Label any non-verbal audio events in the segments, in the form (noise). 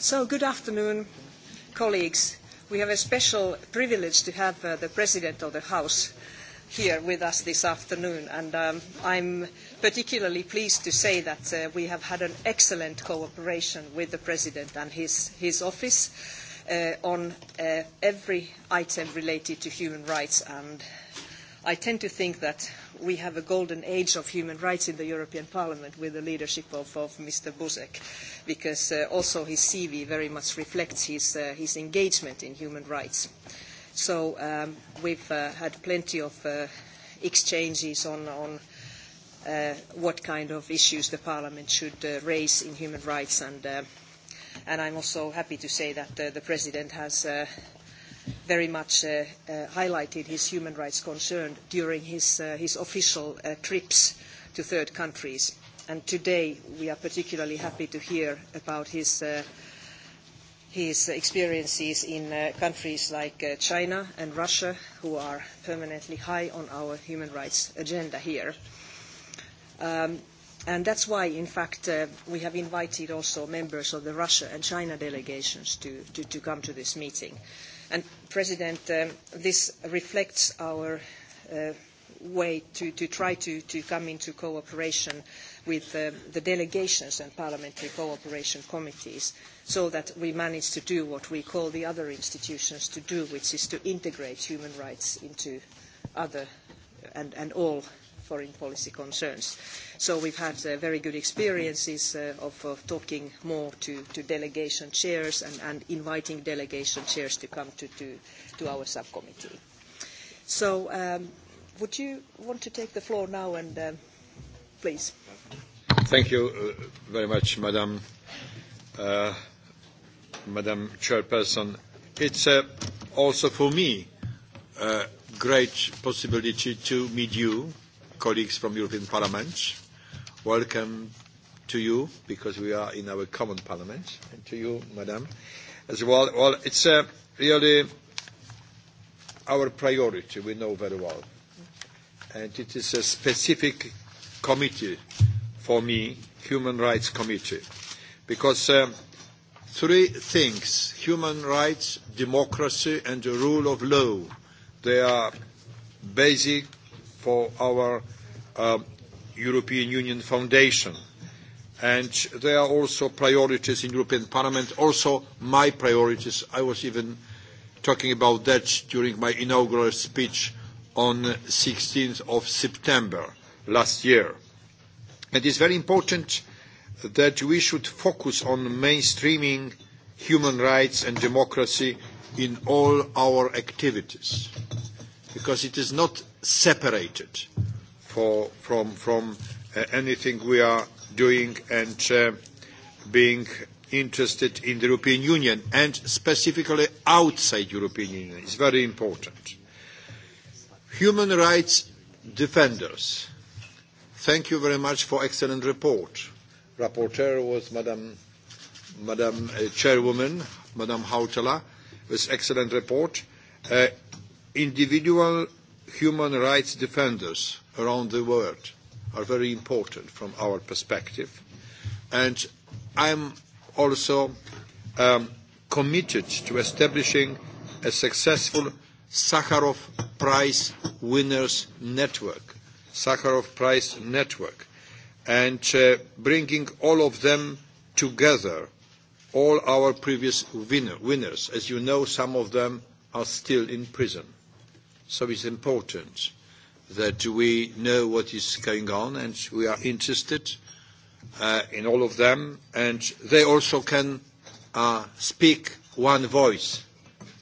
So, good afternoon, colleagues. We have a special privilege to have uh, the President of the House here with us this afternoon, and um, I'm particularly pleased to say that uh, we have had an excellent cooperation with the President and his, his office uh, on uh, every item related to human rights, and I tend to think that we have a golden age of human rights in the European Parliament with the leadership of, of Mr. Buzek, because uh, also his CV very much reflects his, uh, his engagement in human rights. So um, we've uh, had plenty of uh, exchanges on, on uh, what kind of issues the Parliament should uh, raise in human rights, and, uh, and I'm also happy to say that uh, the President has uh, very much uh, uh, highlighted his human rights concern during his, uh, his official uh, trips to third countries. And today we are particularly happy to hear about his, uh, his experiences in uh, countries like China and Russia, who are permanently high on our human rights agenda here. Um, And that's why, in fact, uh, we have invited also members of the Russia and China delegations to, to, to come to this meeting. And President, um, this reflects our uh, way to, to try to, to, come into cooperation with uh, the delegations and parliamentary cooperation committees so that we manage to do what we call the other institutions to do, which is to integrate human rights into other and, and all foreign policy concerns. So we've had uh, very good experiences uh, of, of, talking more to, to delegation chairs and, and, inviting delegation chairs to come to, to, to our subcommittee. So um, would you want to take the floor now and uh, please? Thank you uh, very much, Madam, uh, Madam Chairperson. It's uh, also for me a uh, great possibility to meet you colleagues from European Parliament. Welcome to you, because we are in our common parliament, and to you, madam, as well. Well, it's uh, really our priority, we know very well. And it is a specific committee for me, Human Rights Committee, because uh, three things, human rights, democracy, and the rule of law, they are basic for our uh, European Union Foundation. And there are also priorities in European Parliament, also my priorities. I was even talking about that during my inaugural speech on 16th of September last year. It is very important that we should focus on mainstreaming human rights and democracy in all our activities, because it is not separated for, from, from uh, anything we are doing and uh, being interested in the European Union and specifically outside European Union is very important. Human rights defenders, thank you very much for excellent report. Rapporteur was Madam, Madam uh, Chairwoman, Madam Hautala, with excellent report. Uh, individual human rights defenders around the world are very important from our perspective. And I'm also um, committed to establishing a successful Sakharov Prize Winners Network, Sakharov Prize Network, and uh, bringing all of them together, all our previous winner, winners. As you know, some of them are still in prison So it's important that we know what is going on and we are interested uh, in all of them and they also can uh, speak one voice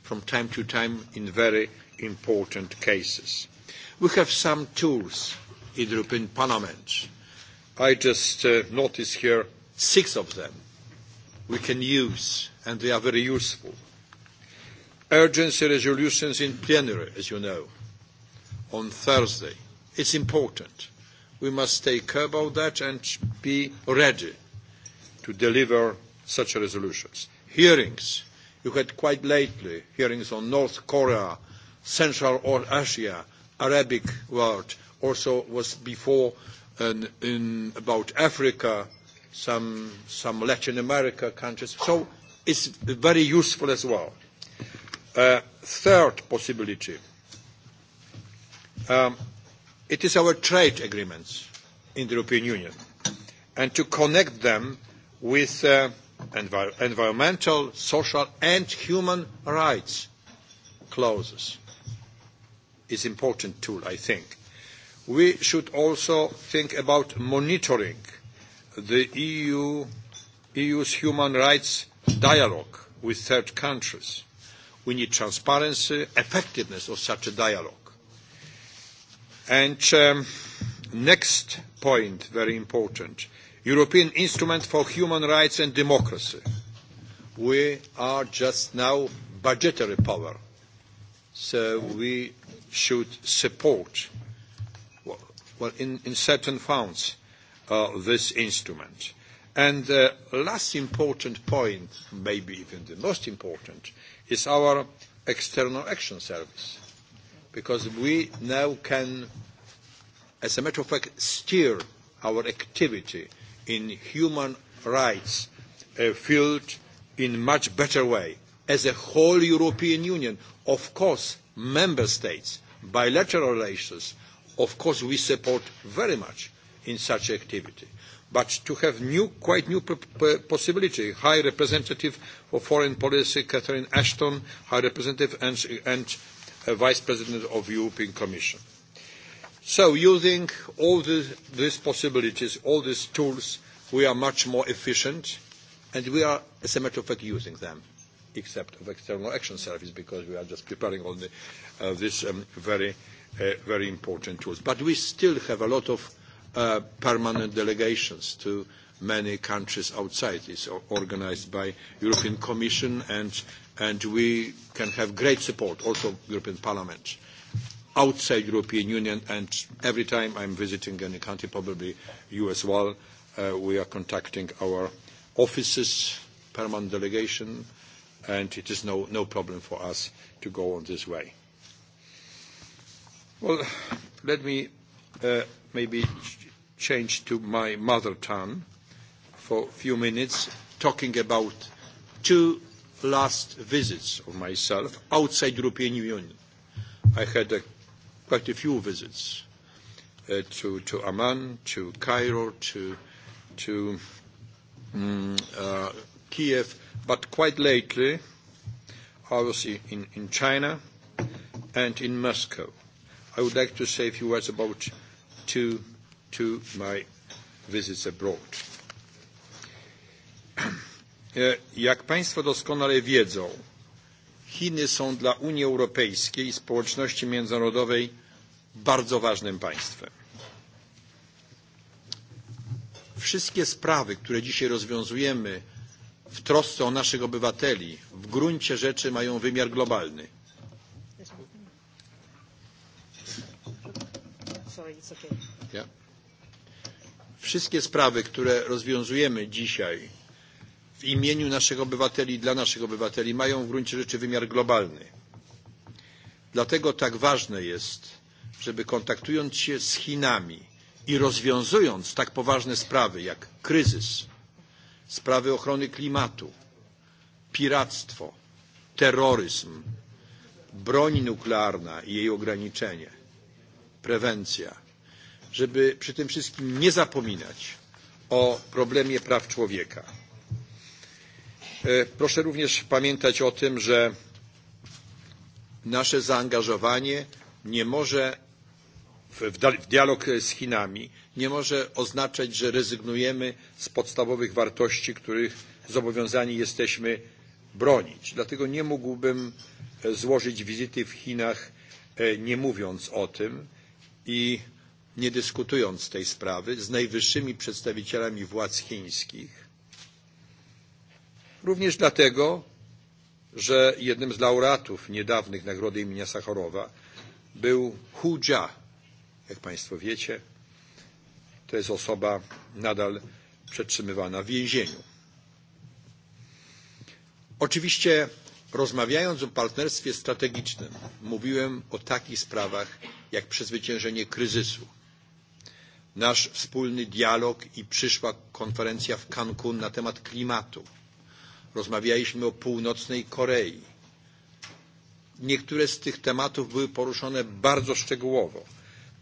from time to time in very important cases. We have some tools in the European Parliament. I just uh, noticed here six of them we can use and they are very useful urgency resolutions in plenary, as you know, on Thursday. It's important. We must take care about that and be ready to deliver such resolutions. Hearings. You had quite lately hearings on North Korea, Central or Asia, Arabic world. Also was before in, in about Africa, some, some Latin America countries. So it's very useful as well. Uh, third possibility, um, it is our trade agreements in the European Union, and to connect them with uh, envir environmental, social, and human rights clauses is important tool, I think. We should also think about monitoring the EU, EU's human rights dialogue with third countries We need transparency, effectiveness of such a dialogue. And um, next point, very important, European Instrument for Human Rights and Democracy. We are just now budgetary power, so we should support, well, in, in certain funds, uh, this instrument. And the uh, last important point, maybe even the most important, is our external action service, because we now can, as a matter of fact, steer our activity in human rights uh, field in much better way as a whole European Union. Of course, member states, bilateral relations, of course we support very much in such activity but to have new, quite new possibility. High Representative for Foreign Policy, Catherine Ashton, High Representative and, and uh, Vice President of the European Commission. So using all the, these possibilities, all these tools, we are much more efficient, and we are, as a matter of fact, using them, except of External Action Service, because we are just preparing all the, uh, this um, very, uh, very important tools. But we still have a lot of Uh, permanent delegations to many countries outside. It's organized by European Commission and, and we can have great support, also European Parliament, outside European Union and every time I'm visiting any country, probably you as well, uh, we are contacting our offices, permanent delegation, and it is no, no problem for us to go on this way. Well, let me uh, maybe change to my mother tongue for a few minutes, talking about two last visits of myself outside European Union. I had a, uh, quite a few visits uh, to, to Amman, to Cairo, to, to um, uh, Kiev, but quite lately I was in, in China and in Moscow. I would like to say a few words about two to my visits abroad. (clears throat) Jak Państwo doskonale wiedzą, Chiny są dla Unii Europejskiej i społeczności międzynarodowej bardzo ważnym państwem. Wszystkie sprawy, które dzisiaj rozwiązujemy w trosce o naszych obywateli, w gruncie rzeczy mają wymiar globalny. Yeah wszystkie sprawy, które rozwiązujemy dzisiaj w imieniu naszych obywateli i dla naszych obywateli mają w gruncie rzeczy wymiar globalny. Dlatego tak ważne jest, żeby kontaktując się z Chinami i rozwiązując tak poważne sprawy jak kryzys, sprawy ochrony klimatu, piractwo, terroryzm, broń nuklearna i jej ograniczenie, prewencja – żeby przy tym wszystkim nie zapominać o problemie praw człowieka. Proszę również pamiętać o tym, że nasze zaangażowanie nie może w dialog z Chinami nie może oznaczać, że rezygnujemy z podstawowych wartości, których zobowiązani jesteśmy bronić. Dlatego nie mógłbym złożyć wizyty w Chinach nie mówiąc o tym i nie dyskutując tej sprawy z najwyższymi przedstawicielami władz chińskich, również dlatego, że jednym z laureatów niedawnych nagrody imienia Sachorowa był Hu Jia. Jak Państwo wiecie, to jest osoba nadal przetrzymywana w więzieniu. Oczywiście rozmawiając o partnerstwie strategicznym mówiłem o takich sprawach jak przezwyciężenie kryzysu, nasz wspólny dialog i przyszła konferencja w Cancun na temat klimatu. Rozmawialiśmy o północnej Korei. Niektóre z tych tematów były poruszone bardzo szczegółowo,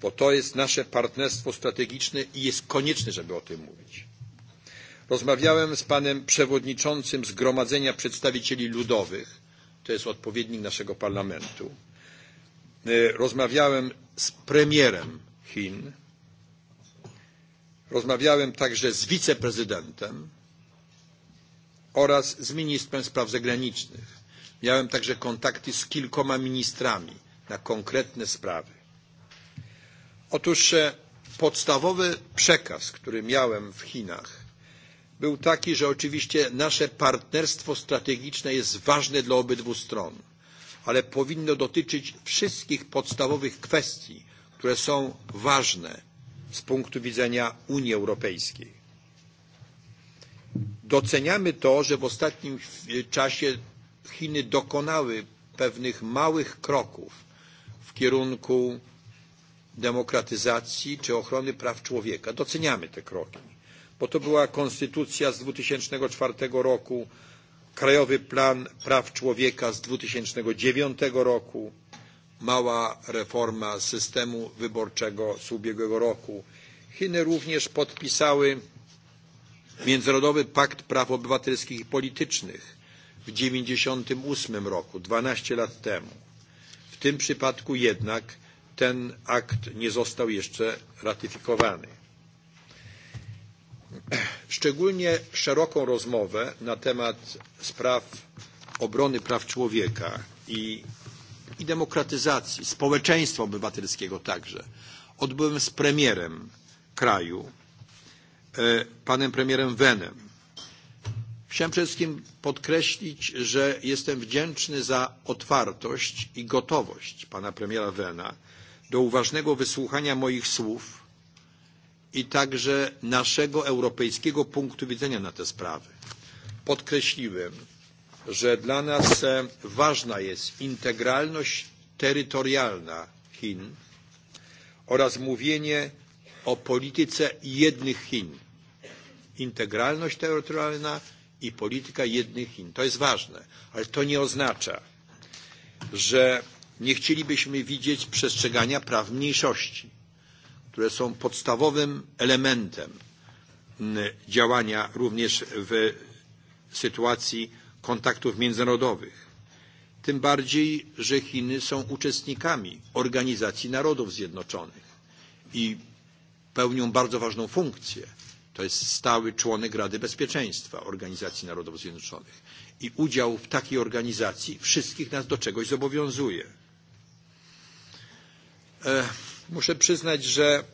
bo to jest nasze partnerstwo strategiczne i jest konieczne, żeby o tym mówić. Rozmawiałem z panem przewodniczącym Zgromadzenia Przedstawicieli Ludowych, to jest odpowiednik naszego parlamentu. Rozmawiałem z premierem Chin, Rozmawiałem także z wiceprezydentem oraz z ministrem spraw zagranicznych. Miałem także kontakty z kilkoma ministrami na konkretne sprawy. Otóż podstawowy przekaz, który miałem w Chinach, był taki, że oczywiście nasze partnerstwo strategiczne jest ważne dla obydwu stron, ale powinno dotyczyć wszystkich podstawowych kwestii, które są ważne z punktu widzenia Unii Europejskiej. Doceniamy to, że w ostatnim czasie Chiny dokonały pewnych małych kroków w kierunku demokratyzacji czy ochrony praw człowieka. Doceniamy te kroki, bo to była konstytucja z 2004 roku, Krajowy Plan Praw Człowieka z 2009 roku, mała reforma systemu wyborczego z ubiegłego roku. Chiny również podpisały Międzynarodowy Pakt Praw Obywatelskich i Politycznych w 1998 roku, 12 lat temu. W tym przypadku jednak ten akt nie został jeszcze ratyfikowany. Szczególnie szeroką rozmowę na temat spraw obrony praw człowieka i i demokratyzacji, społeczeństwa obywatelskiego także. Odbyłem z premierem kraju, panem premierem Wenem. Chciałem przede wszystkim podkreślić, że jestem wdzięczny za otwartość i gotowość pana premiera Wena do uważnego wysłuchania moich słów i także naszego europejskiego punktu widzenia na te sprawy. Podkreśliłem, że dla nas ważna jest integralność terytorialna Chin oraz mówienie o polityce jednych Chin. Integralność terytorialna i polityka jednych Chin. To jest ważne, ale to nie oznacza, że nie chcielibyśmy widzieć przestrzegania praw mniejszości, które są podstawowym elementem działania również w sytuacji kontaktów międzynarodowych. Tym bardziej, że Chiny są uczestnikami Organizacji Narodów Zjednoczonych i pełnią bardzo ważną funkcję. To jest stały członek Rady Bezpieczeństwa Organizacji Narodów Zjednoczonych. I udział w takiej organizacji wszystkich nas do czegoś zobowiązuje. E, eh, muszę przyznać, że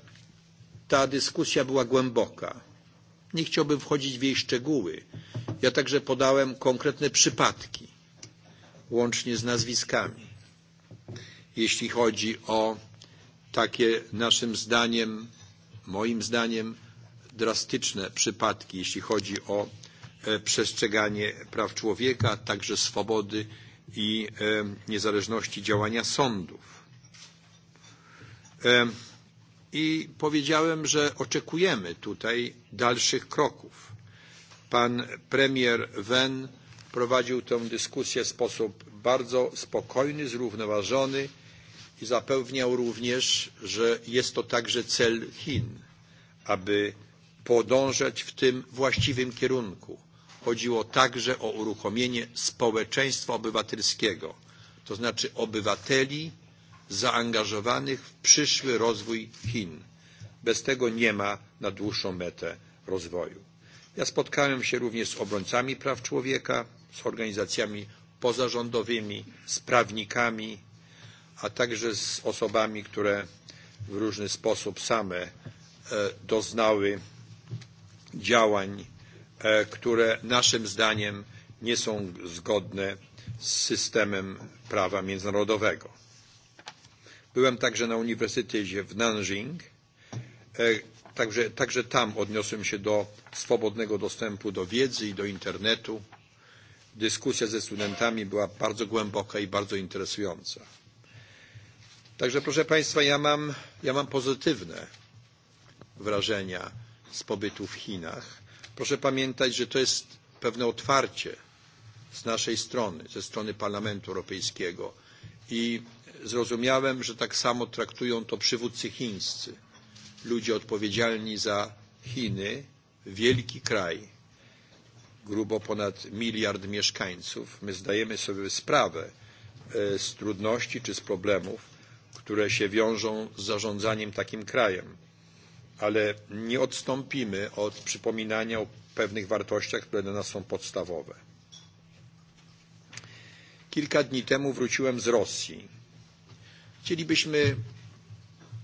ta dyskusja była głęboka. Nie chciałbym wchodzić w jej szczegóły Ja także podałem konkretne przypadki, łącznie z nazwiskami, jeśli chodzi o takie naszym zdaniem, moim zdaniem, drastyczne przypadki, jeśli chodzi o przestrzeganie praw człowieka, także swobody i niezależności działania sądów. I powiedziałem, że oczekujemy tutaj dalszych kroków. Pan premier Wen prowadził tę dyskusję w sposób bardzo spokojny, zrównoważony i zapewniał również, że jest to także cel Chin, aby podążać w tym właściwym kierunku. Chodziło także o uruchomienie społeczeństwa obywatelskiego, to znaczy obywateli zaangażowanych w przyszły rozwój Chin. Bez tego nie ma na dłuższą metę rozwoju. Ja spotkałem się również z obrońcami praw człowieka, z organizacjami pozarządowymi, z prawnikami, a także z osobami, które w różny sposób same doznały działań, które naszym zdaniem nie są zgodne z systemem prawa międzynarodowego. Byłem także na Uniwersytecie w Nanjing, Także, także tam odniosłem się do swobodnego dostępu do wiedzy i do internetu. Dyskusja ze studentami była bardzo głęboka i bardzo interesująca. Także proszę Państwa, ja mam, ja mam pozytywne wrażenia z pobytu w Chinach. Proszę pamiętać, że to jest pewne otwarcie z naszej strony, ze strony Parlamentu Europejskiego i zrozumiałem, że tak samo traktują to przywódcy chińscy ludzie odpowiedzialni za Chiny, wielki kraj, grubo ponad miliard mieszkańców, my zdajemy sobie sprawę z trudności czy z problemów, które się wiążą z zarządzaniem takim krajem. Ale nie odstąpimy od przypominania o pewnych wartościach, które dla nas są podstawowe. Kilka dni temu wróciłem z Rosji. Chcielibyśmy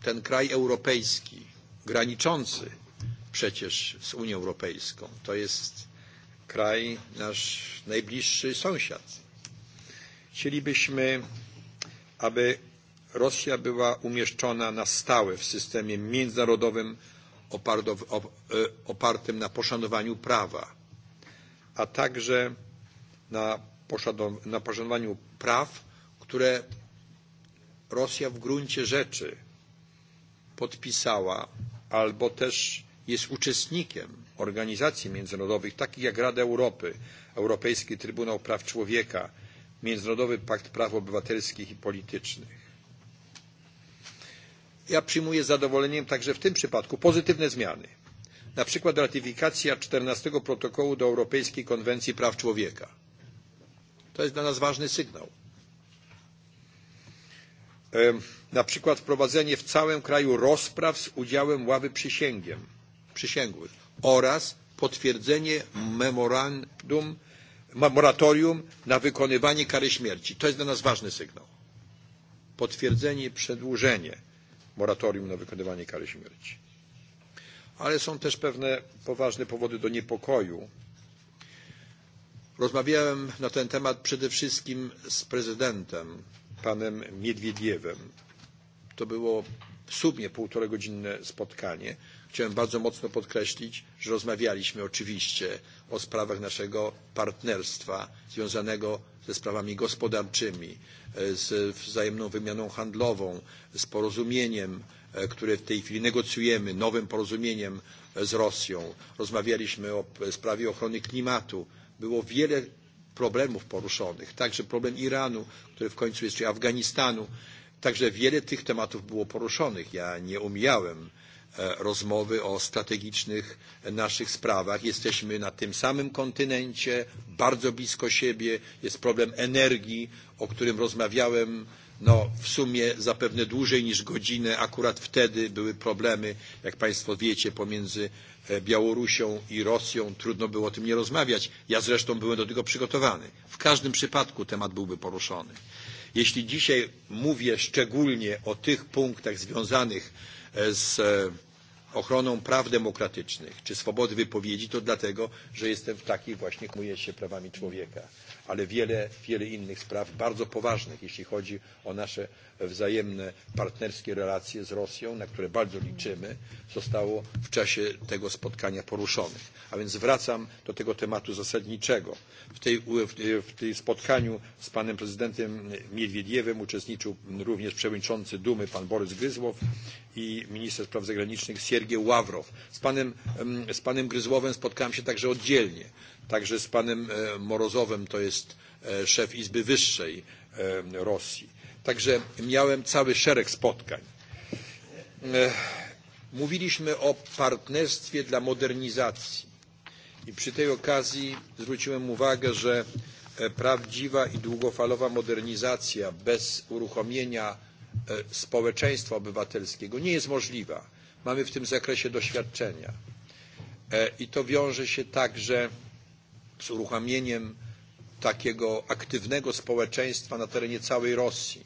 ten kraj europejski, graniczący przecież z Unią Europejską, to jest kraj nasz najbliższy sąsiad. Chcielibyśmy, aby Rosja była umieszczona na stałe w systemie międzynarodowym opartym na poszanowaniu prawa, a także na, poszanow na poszanowaniu praw, które Rosja w gruncie rzeczy podpisała albo też jest uczestnikiem organizacji międzynarodowych, takich jak Rada Europy, Europejski Trybunał Praw Człowieka, Międzynarodowy Pakt Praw Obywatelskich i Politycznych. Ja przyjmuję z zadowoleniem także w tym przypadku pozytywne zmiany, na przykład ratyfikacja 14 protokołu do Europejskiej Konwencji Praw Człowieka. To jest dla nas ważny sygnał na przykład wprowadzenie w całym kraju rozpraw z udziałem ławy przysięgiem, przysięgłych oraz potwierdzenie memorandum, moratorium na wykonywanie kary śmierci. To jest dla nas ważny sygnał. Potwierdzenie, przedłużenie moratorium na wykonywanie kary śmierci. Ale są też pewne poważne powody do niepokoju. Rozmawiałem na ten temat przede wszystkim z prezydentem panem Miedwiediewem. To było w sumie półtoregodzinne spotkanie. Chciałem bardzo mocno podkreślić, że rozmawialiśmy oczywiście o sprawach naszego partnerstwa związanego ze sprawami gospodarczymi, z wzajemną wymianą handlową, z porozumieniem, które w tej chwili negocjujemy, nowym porozumieniem z Rosją. Rozmawialiśmy o sprawie ochrony klimatu. Było wiele problemów poruszonych, także problem Iranu, który w końcu jest, czy Afganistanu. Także wiele tych tematów było poruszonych. Ja nie omijałem rozmowy o strategicznych naszych sprawach. Jesteśmy na tym samym kontynencie, bardzo blisko siebie. Jest problem energii, o którym rozmawiałem No, w sumie zapewne dłużej niż godzinę. Akurat wtedy były problemy, jak Państwo wiecie, pomiędzy Białorusią i Rosją. Trudno było o tym nie rozmawiać. Ja zresztą byłem do tego przygotowany. W każdym przypadku temat byłby poruszony. Jeśli dzisiaj mówię szczególnie o tych punktach związanych z ochroną praw demokratycznych czy swobody wypowiedzi, to dlatego, że jestem w takich właśnie, zajmuję się prawami człowieka ale wiele, wiele innych spraw bardzo poważnych, jeśli chodzi o nasze wzajemne partnerskie relacje z Rosją, na które bardzo liczymy, zostało w czasie tego spotkania poruszonych. A więc wracam do tego tematu zasadniczego. W, tej, w, w tej spotkaniu z panem prezydentem Miedwiediewem uczestniczył również przewodniczący Dumy pan Borys Gryzłow i minister spraw zagranicznych Siergiej Ławrow. Z panem, mm, z panem Gryzłowem spotkałem się także oddzielnie także z panem Morozowem, to jest szef Izby Wyższej Rosji. Także miałem cały szereg spotkań. Mówiliśmy o partnerstwie dla modernizacji i przy tej okazji zwróciłem uwagę, że prawdziwa i długofalowa modernizacja bez uruchomienia społeczeństwa obywatelskiego nie jest możliwa. Mamy w tym zakresie doświadczenia. I to wiąże się także z uruchomieniem takiego aktywnego społeczeństwa na terenie całej Rosji,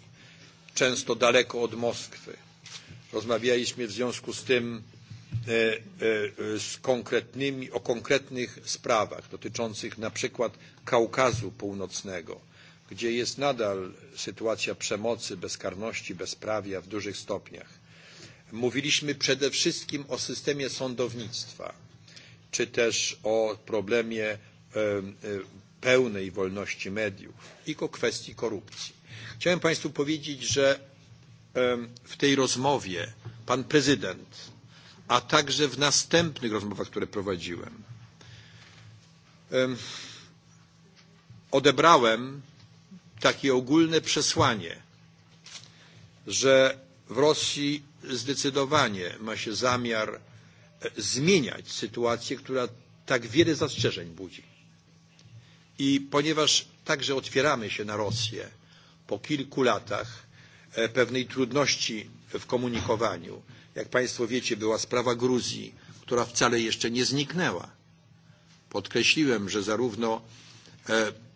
często daleko od Moskwy. Rozmawialiśmy w związku z tym z konkretnymi, o konkretnych sprawach dotyczących na przykład Kaukazu Północnego, gdzie jest nadal sytuacja przemocy, bezkarności, bezprawia w dużych stopniach. Mówiliśmy przede wszystkim o systemie sądownictwa, czy też o problemie pełnej wolności mediów i o kwestii korupcji. Chciałem Państwu powiedzieć, że w tej rozmowie pan prezydent, a także w następnych rozmowach, które prowadziłem, odebrałem takie ogólne przesłanie, że w Rosji zdecydowanie ma się zamiar zmieniać sytuację, która tak wiele zastrzeżeń budzi. I ponieważ także otwieramy się na Rosję po kilku latach pewnej trudności w komunikowaniu, jak Państwo wiecie, była sprawa Gruzji, która wcale jeszcze nie zniknęła. Podkreśliłem, że zarówno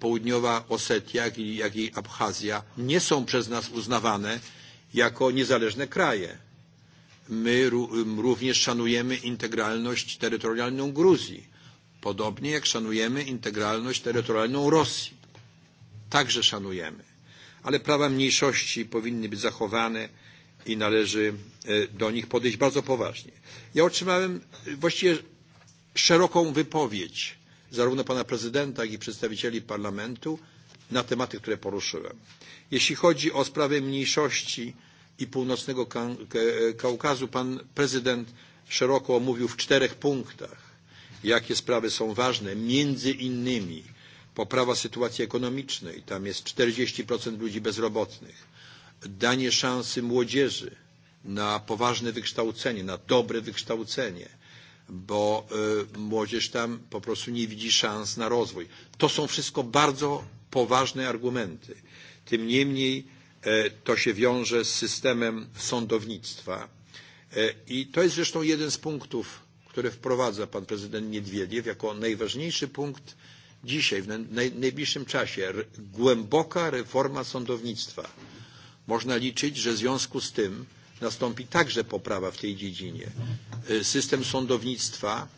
południowa Osetia, jak i, Abchazja nie są przez nas uznawane jako niezależne kraje. My również szanujemy integralność terytorialną Gruzji Podobnie jak szanujemy integralność terytorialną Rosji. Także szanujemy. Ale prawa mniejszości powinny być zachowane i należy do nich podejść bardzo poważnie. Ja otrzymałem właściwie szeroką wypowiedź zarówno pana prezydenta, jak i przedstawicieli parlamentu na tematy, które poruszyłem. Jeśli chodzi o sprawę mniejszości i północnego Kaukazu, pan prezydent szeroko omówił w czterech punktach jakie sprawy są ważne, między innymi poprawa sytuacji ekonomicznej, tam jest 40% ludzi bezrobotnych, danie szansy młodzieży na poważne wykształcenie, na dobre wykształcenie, bo y, młodzież tam po prostu nie widzi szans na rozwój. To są wszystko bardzo poważne argumenty. Tym niemniej y, to się wiąże z systemem sądownictwa y, i to jest zresztą jeden z punktów które wprowadza pan prezydent Niedwiediew jako najważniejszy punkt dzisiaj, w najbliższym czasie. Głęboka reforma sądownictwa. Można liczyć, że w związku z tym nastąpi także poprawa w tej dziedzinie. System sądownictwa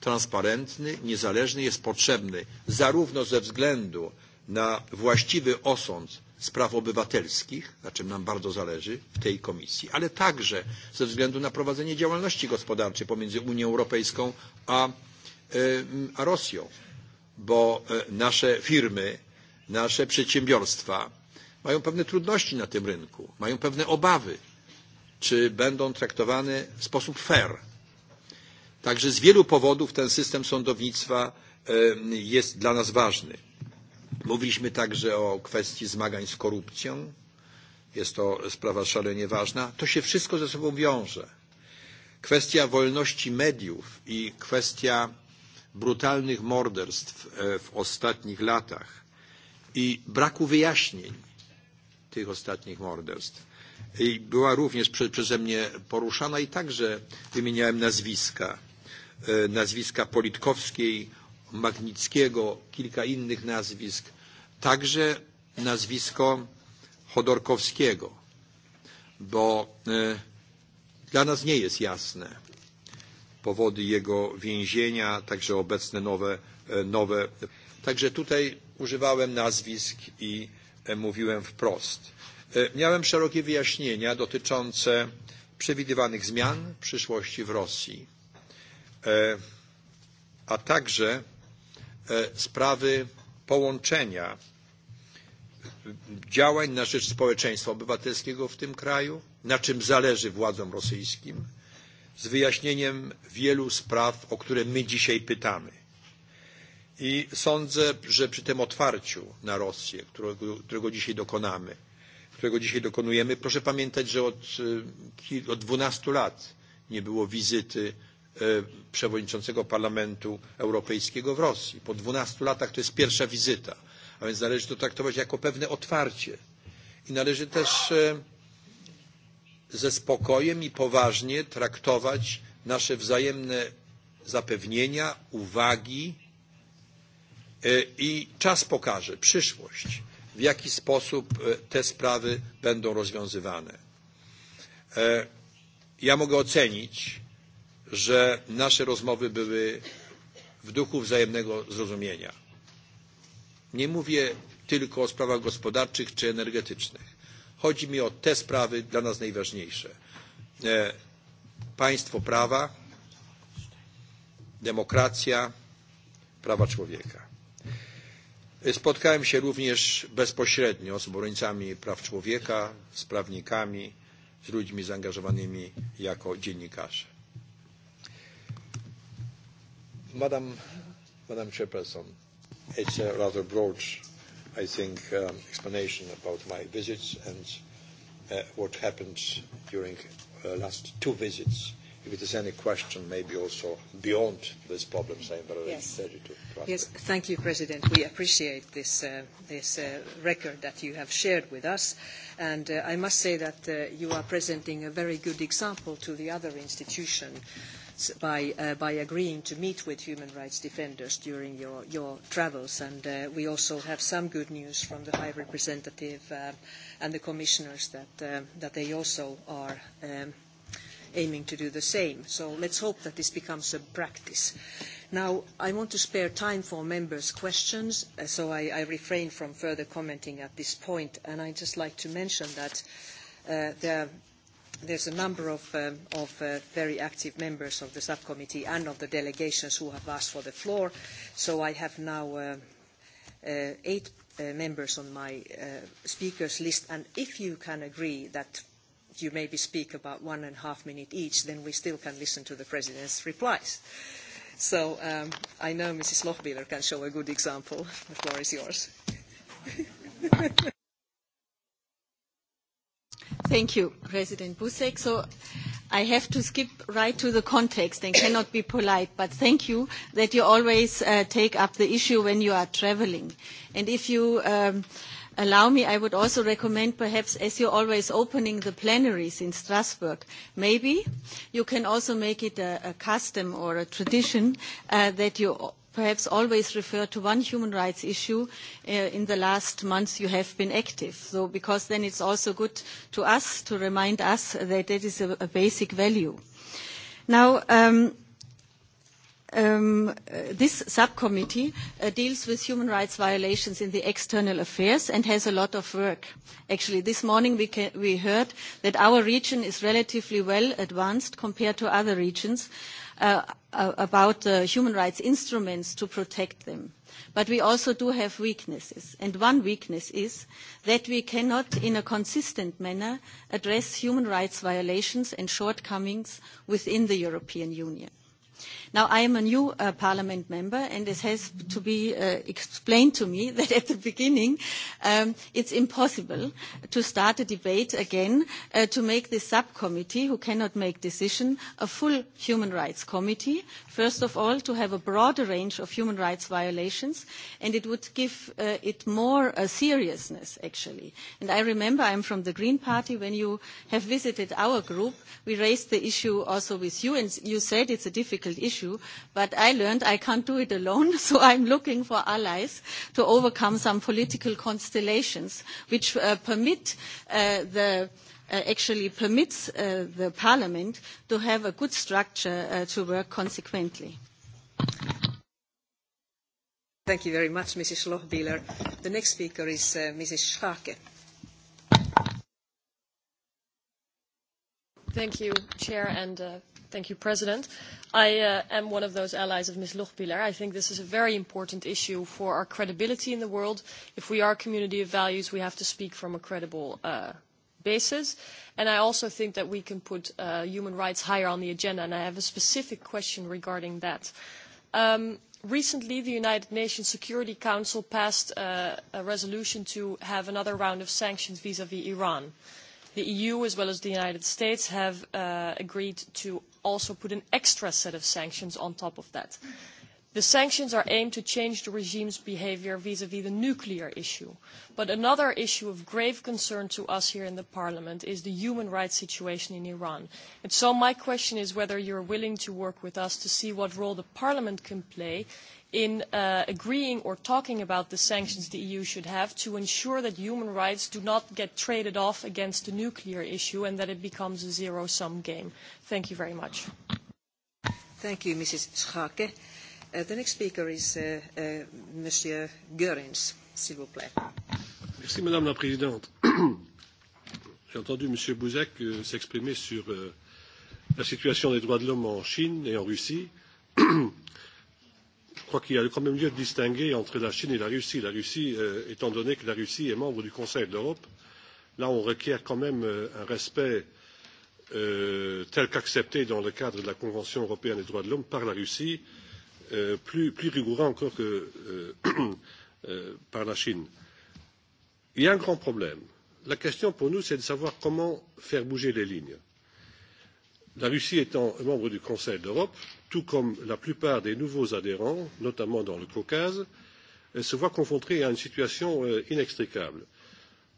transparentny, niezależny jest potrzebny zarówno ze względu na właściwy osąd Spraw Obywatelskich, na czym nam bardzo zależy, w tej komisji, ale także ze względu na prowadzenie działalności gospodarczej pomiędzy Unią Europejską a, a Rosją, bo nasze firmy, nasze przedsiębiorstwa mają pewne trudności na tym rynku, mają pewne obawy, czy będą traktowane w sposób fair. Także z wielu powodów ten system sądownictwa jest dla nas ważny Mówiliśmy także o kwestii zmagań z korupcją. Jest to sprawa szalenie ważna. To się wszystko ze sobą wiąże. Kwestia wolności mediów i kwestia brutalnych morderstw w ostatnich latach i braku wyjaśnień tych ostatnich morderstw. I była również prze, przeze mnie poruszana i także wymieniałem nazwiska. Nazwiska Politkowskiej, Magnickiego, kilka innych nazwisk, także nazwisko Chodorkowskiego, bo dla nas nie jest jasne powody jego więzienia, także obecne nowe, nowe. Także tutaj używałem nazwisk i mówiłem wprost. Miałem szerokie wyjaśnienia dotyczące przewidywanych zmian w przyszłości w Rosji, a także sprawy połączenia działań na rzecz społeczeństwa obywatelskiego w tym kraju, na czym zależy władzom rosyjskim, z wyjaśnieniem wielu spraw, o które my dzisiaj pytamy. I sądzę, że przy tym otwarciu na Rosję, którego, którego dzisiaj dokonamy, którego dzisiaj dokonujemy, proszę pamiętać, że od, od 12 lat nie było wizyty przewodniczącego Parlamentu Europejskiego w Rosji. Po 12 latach to jest pierwsza wizyta, a więc należy to traktować jako pewne otwarcie. I należy też ze spokojem i poważnie traktować nasze wzajemne zapewnienia, uwagi i czas pokaże, przyszłość, w jaki sposób te sprawy będą rozwiązywane. Ja mogę ocenić, że nasze rozmowy były w duchu wzajemnego zrozumienia. Nie mówię tylko o sprawach gospodarczych czy energetycznych. Chodzi mi o te sprawy dla nas najważniejsze. E, państwo prawa, demokracja, prawa człowieka. Spotkałem się również bezpośrednio z obrońcami praw człowieka, z prawnikami, z ludźmi zaangażowanymi jako dziennikarze. Madam, Madam Chairperson, it's a rather broad, I think, um, explanation about my visits and uh, what happened during uh, last two visits. If it is any question, maybe also beyond these problems, I am very yes. to, to Yes, thank you, President. We appreciate this, uh, this uh, record that you have shared with us. And uh, I must say that uh, you are presenting a very good example to the other institution. Uh, Uh, by, agreeing to meet with human rights defenders during your, your travels. And uh, we also have some good news from the High Representative uh, and the commissioners that, uh, that they also are um, aiming to do the same. So let's hope that this becomes a practice. Now, I want to spare time for members' questions, uh, so I, I refrain from further commenting at this point. And I'd just like to mention that uh, there's a number of, um, of uh, very active members of the subcommittee and of the delegations who have asked for the floor. So I have now uh, uh, eight uh, members on my uh, speakers list. And if you can agree that you maybe speak about one and a half minute each, then we still can listen to the President's replies. So um, I know Mrs. Lochbihler can show a good example. (laughs) The floor is yours. (laughs) Thank you, President Busek. So I have to skip right to the context and cannot be polite, but thank you that you always uh, take up the issue when you are traveling. And if you um, allow me, I would also recommend perhaps as you're always opening the plenaries in Strasbourg, maybe you can also make it a, a custom or a tradition uh, that you perhaps always refer to one human rights issue uh, in the last months you have been active. So, because then it's also good to us to remind us that that is a, a basic value. Now, um, um, this subcommittee uh, deals with human rights violations in the external affairs and has a lot of work. Actually, this morning we, can, we heard that our region is relatively well advanced compared to other regions. Uh, uh, about uh, human rights instruments to protect them. But we also do have weaknesses. And one weakness is that we cannot, in a consistent manner, address human rights violations and shortcomings within the European Union. Now, I am a new uh, parliament member, and it has to be uh, explained to me (laughs) that at the beginning, um, it's impossible to start a debate again uh, to make this subcommittee, who cannot make decision, a full human rights committee. First of all, to have a broader range of human rights violations, and it would give uh, it more uh, seriousness, actually. And I remember, I'm from the Green Party, when you have visited our group, we raised the issue also with you, and you said it's a difficult issue issue, but I learned I can't do it alone, (laughs) so I'm looking for allies to overcome some political constellations which uh, permit uh, the uh, actually permits uh, the parliament to have a good structure uh, to work consequently. Thank you very much, Mrs. Lochbieler. The next speaker is uh, Mrs. Schake. Thank you, Chair, and uh, thank you, President. I uh, am one of those allies of Ms. Lochbihler. I think this is a very important issue for our credibility in the world. If we are a community of values, we have to speak from a credible uh, basis. And I also think that we can put uh, human rights higher on the agenda, and I have a specific question regarding that. Um, recently, the United Nations Security Council passed uh, a resolution to have another round of sanctions vis-à-vis -vis Iran. The EU, as well as the United States, have uh, agreed to also put an extra set of sanctions on top of that. The sanctions are aimed to change the regime's behaviour vis-à-vis the nuclear issue. But another issue of grave concern to us here in the parliament is the human rights situation in Iran. And so my question is whether you're willing to work with us to see what role the parliament can play in uh, agreeing or talking about the sanctions the EU should have to ensure that human rights do not get traded off against the nuclear issue and that it becomes a zero-sum game. Thank you very much. Thank you, Mrs. Schake. Uh, the next speaker is uh, uh, Monsieur Goerens, s'il vous plaît. Merci, Madame la Présidente. (clears throat) J'ai entendu Monsieur Bouzek euh, s'exprimer sur euh, la situation des droits de l'homme en Chine et en Russie. (clears throat) crois qu'il y a quand même lieu de distinguer entre la Chine et la Russie. La Russie, euh, étant donné que la Russie est membre du Conseil de l'Europe, là on requiert quand même euh, un respect euh, tel qu'accepté dans le cadre de la Convention européenne des droits de l'homme par la Russie, euh, plus, plus rigoureux encore que euh, (coughs) euh, par la Chine. Il y a un grand problème. La question pour nous, c'est de savoir comment faire bouger les lignes la russie étant membre du conseil de l'europe tout comme la plupart des nouveaux adhérents notamment dans le caucase elle se voit confrontée à une situation euh, inextricable.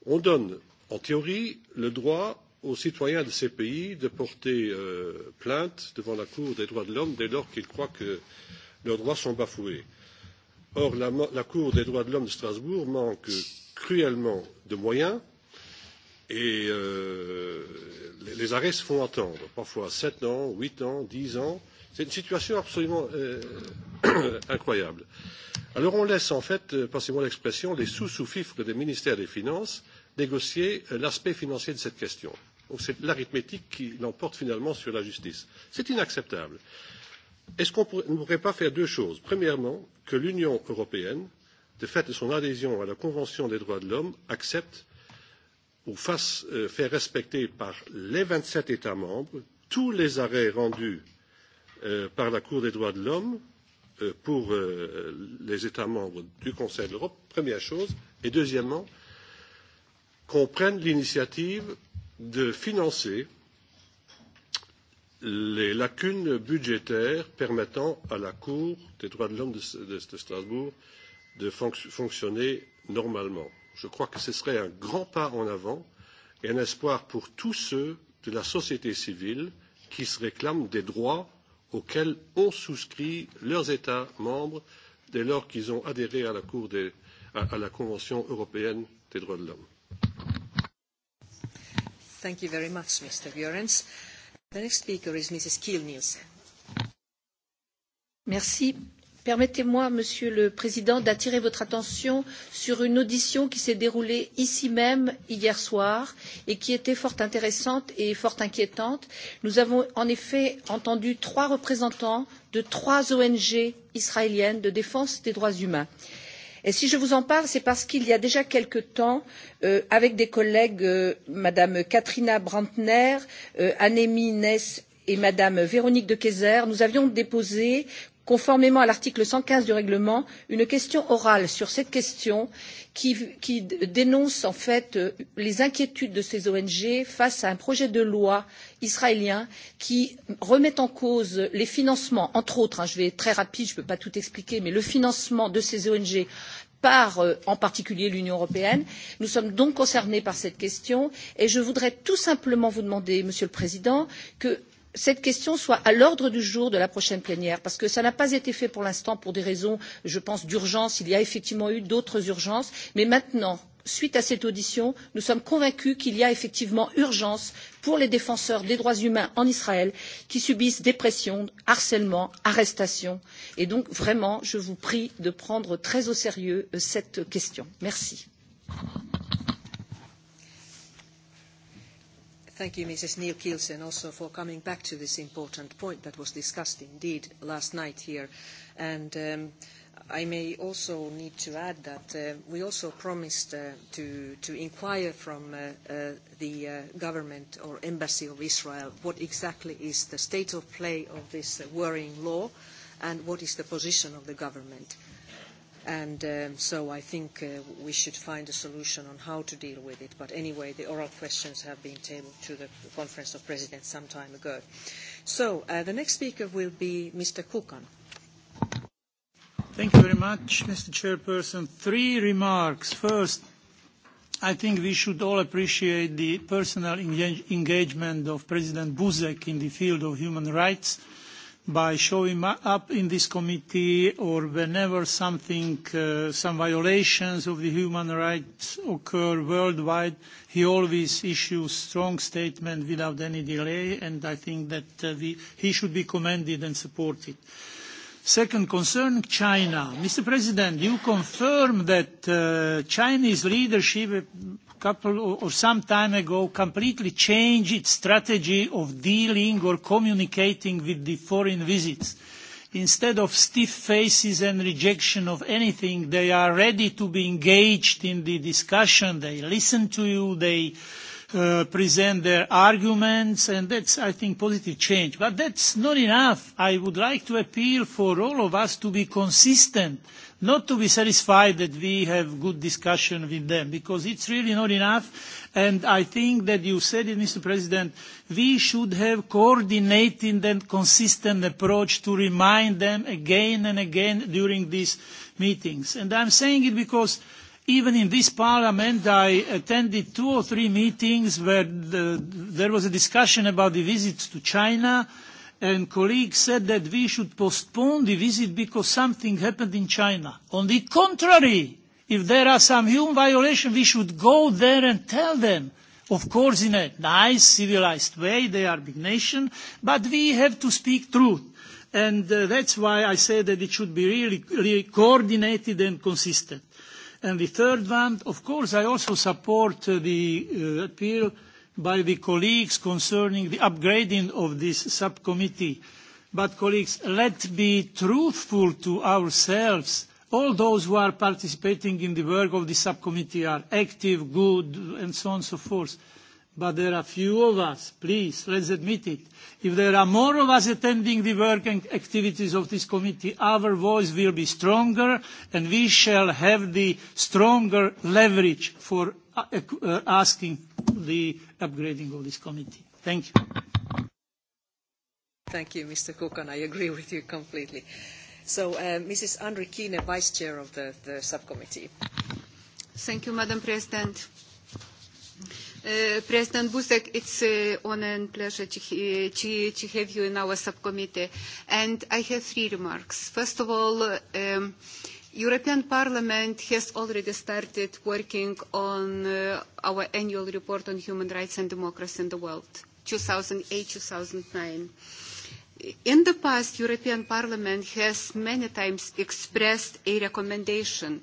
on donne en théorie le droit aux citoyens de ces pays de porter euh, plainte devant la cour des droits de l'homme dès lors qu'ils croient que leurs droits sont bafoués. or la cour des droits de l'homme de strasbourg manque cruellement de moyens Et euh, les, arrêts se font attendre, parfois sept ans, huit ans, dix ans. C'est une situation absolument euh, (coughs) incroyable. Alors on laisse en fait, euh, passez-moi l'expression, les sous-sous-fifres des ministères des Finances négocier l'aspect financier de cette question. Donc c'est l'arithmétique qui l'emporte finalement sur la justice. C'est inacceptable. Est-ce qu'on ne pourrait pas faire deux choses Premièrement, que l'Union européenne, de fait de son adhésion à la Convention des droits de l'homme, accepte ou fasse euh, faire respecter par les vingt sept États membres tous les arrêts rendus euh, par la Cour des droits de l'homme euh, pour euh, les États membres du Conseil de l'Europe, première chose, et deuxièmement, qu'on prenne l'initiative de financer les lacunes budgétaires permettant à la Cour des droits de l'homme de, de, de Strasbourg de fonc fonctionner normalement. Je crois que ce serait un grand pas en avant et un espoir pour tous ceux de la société civile qui se réclament des droits auxquels ont souscrit leurs États membres dès lors qu'ils ont adhéré à la, Cour des, à, à la Convention européenne des droits de l'homme. Thank you very much, Mr. Görens. The next speaker is Mrs. Kiel Nielsen. Merci. Permettez-moi, Monsieur le Président, d'attirer votre attention sur une audition qui s'est déroulée ici même hier soir et qui était fort intéressante et fort inquiétante. Nous avons en effet entendu trois représentants de trois ONG israéliennes de défense des droits humains. Et si je vous en parle, c'est parce qu'il y a déjà quelque temps, euh, avec des collègues, euh, Madame Katrina Brantner, euh, Annemie Ness et Madame Véronique de Keyser, nous avions déposé conformément à l'article cent quinze du règlement une question orale sur cette question qui, qui dénonce en fait euh, les inquiétudes de ces ong face à un projet de loi israélien qui remet en cause les financements entre autres hein, je vais être très rapide je ne peux pas tout expliquer mais le financement de ces ong par euh, en particulier l'Union européenne. Nous sommes donc concernés par cette question et je voudrais tout simplement vous demander, Monsieur le Président, que cette question soit à l'ordre du jour de la prochaine plénière, parce que ça n'a pas été fait pour l'instant pour des raisons, je pense, d'urgence. Il y a effectivement eu d'autres urgences, mais maintenant, suite à cette audition, nous sommes convaincus qu'il y a effectivement urgence pour les défenseurs des droits humains en Israël qui subissent des pressions, harcèlement, arrestation. Et donc, vraiment, je vous prie de prendre très au sérieux euh, cette question. Merci. Thank you, Mrs. Neil Kielsen, also for coming back to this important point that was discussed indeed last night here. And um, I may also need to add that uh, we also promised uh, to, to inquire from uh, uh the uh, government or embassy of Israel what exactly is the state of play of this worrying law and what is the position of the government. And um, so I think uh, we should find a solution on how to deal with it. But anyway, the oral questions have been tabled to the Conference of Presidents some time ago. So uh, the next speaker will be Mr. Kukan. Thank you very much, Mr. Chairperson. Three remarks. First, I think we should all appreciate the personal engage engagement of President Buzek in the field of human rights by showing up in this committee or whenever something, uh, some violations of the human rights occur worldwide, he always issues strong statement without any delay, and I think that uh, we, he should be commended and supported. Second, concern, China, Mr. President, you confirm that uh, Chinese leadership couple or some time ago completely changed its strategy of dealing or communicating with the foreign visits. Instead of stiff faces and rejection of anything, they are ready to be engaged in the discussion. They listen to you. They Uh, present their arguments, and that's, I think, positive change. But that's not enough. I would like to appeal for all of us to be consistent not to be satisfied that we have good discussion with them because it's really not enough and I think that you said it Mr. President we should have coordinated and consistent approach to remind them again and again during these meetings and I'm saying it because even in this parliament I attended two or three meetings where the, there was a discussion about the visits to China and colleague said that we should postpone the visit because something happened in China. On the contrary, if there are some human violations, we should go there and tell them. Of course, in a nice, civilized way, they are a big nation, but we have to speak truth. And uh, that's why I say that it should be really, really coordinated and consistent. And the third one, of course, I also support uh, the uh, appeal by the colleagues concerning the upgrading of this subcommittee. But colleagues, let's be truthful to ourselves. All those who are participating in the work of the subcommittee are active, good, and so on and so forth. But there are few of us, please, let's admit it. If there are more of us attending the work and activities of this committee, our voice will be stronger and we shall have the stronger leverage for Uh, uh, asking the upgrading of this committee. Thank you. Thank you, Mr. Cook, and I agree with you completely. So, uh, Mrs. Kine, Vice Chair of the, the subcommittee. Thank you, Madam President. Uh, President Buzek, it's an uh, honor and pleasure to, to, to have you in our subcommittee. And I have three remarks. First of all, um, European Parliament has already started working on uh, our annual report on human rights and democracy in the world, 2008-2009. In the past, European Parliament has many times expressed a recommendation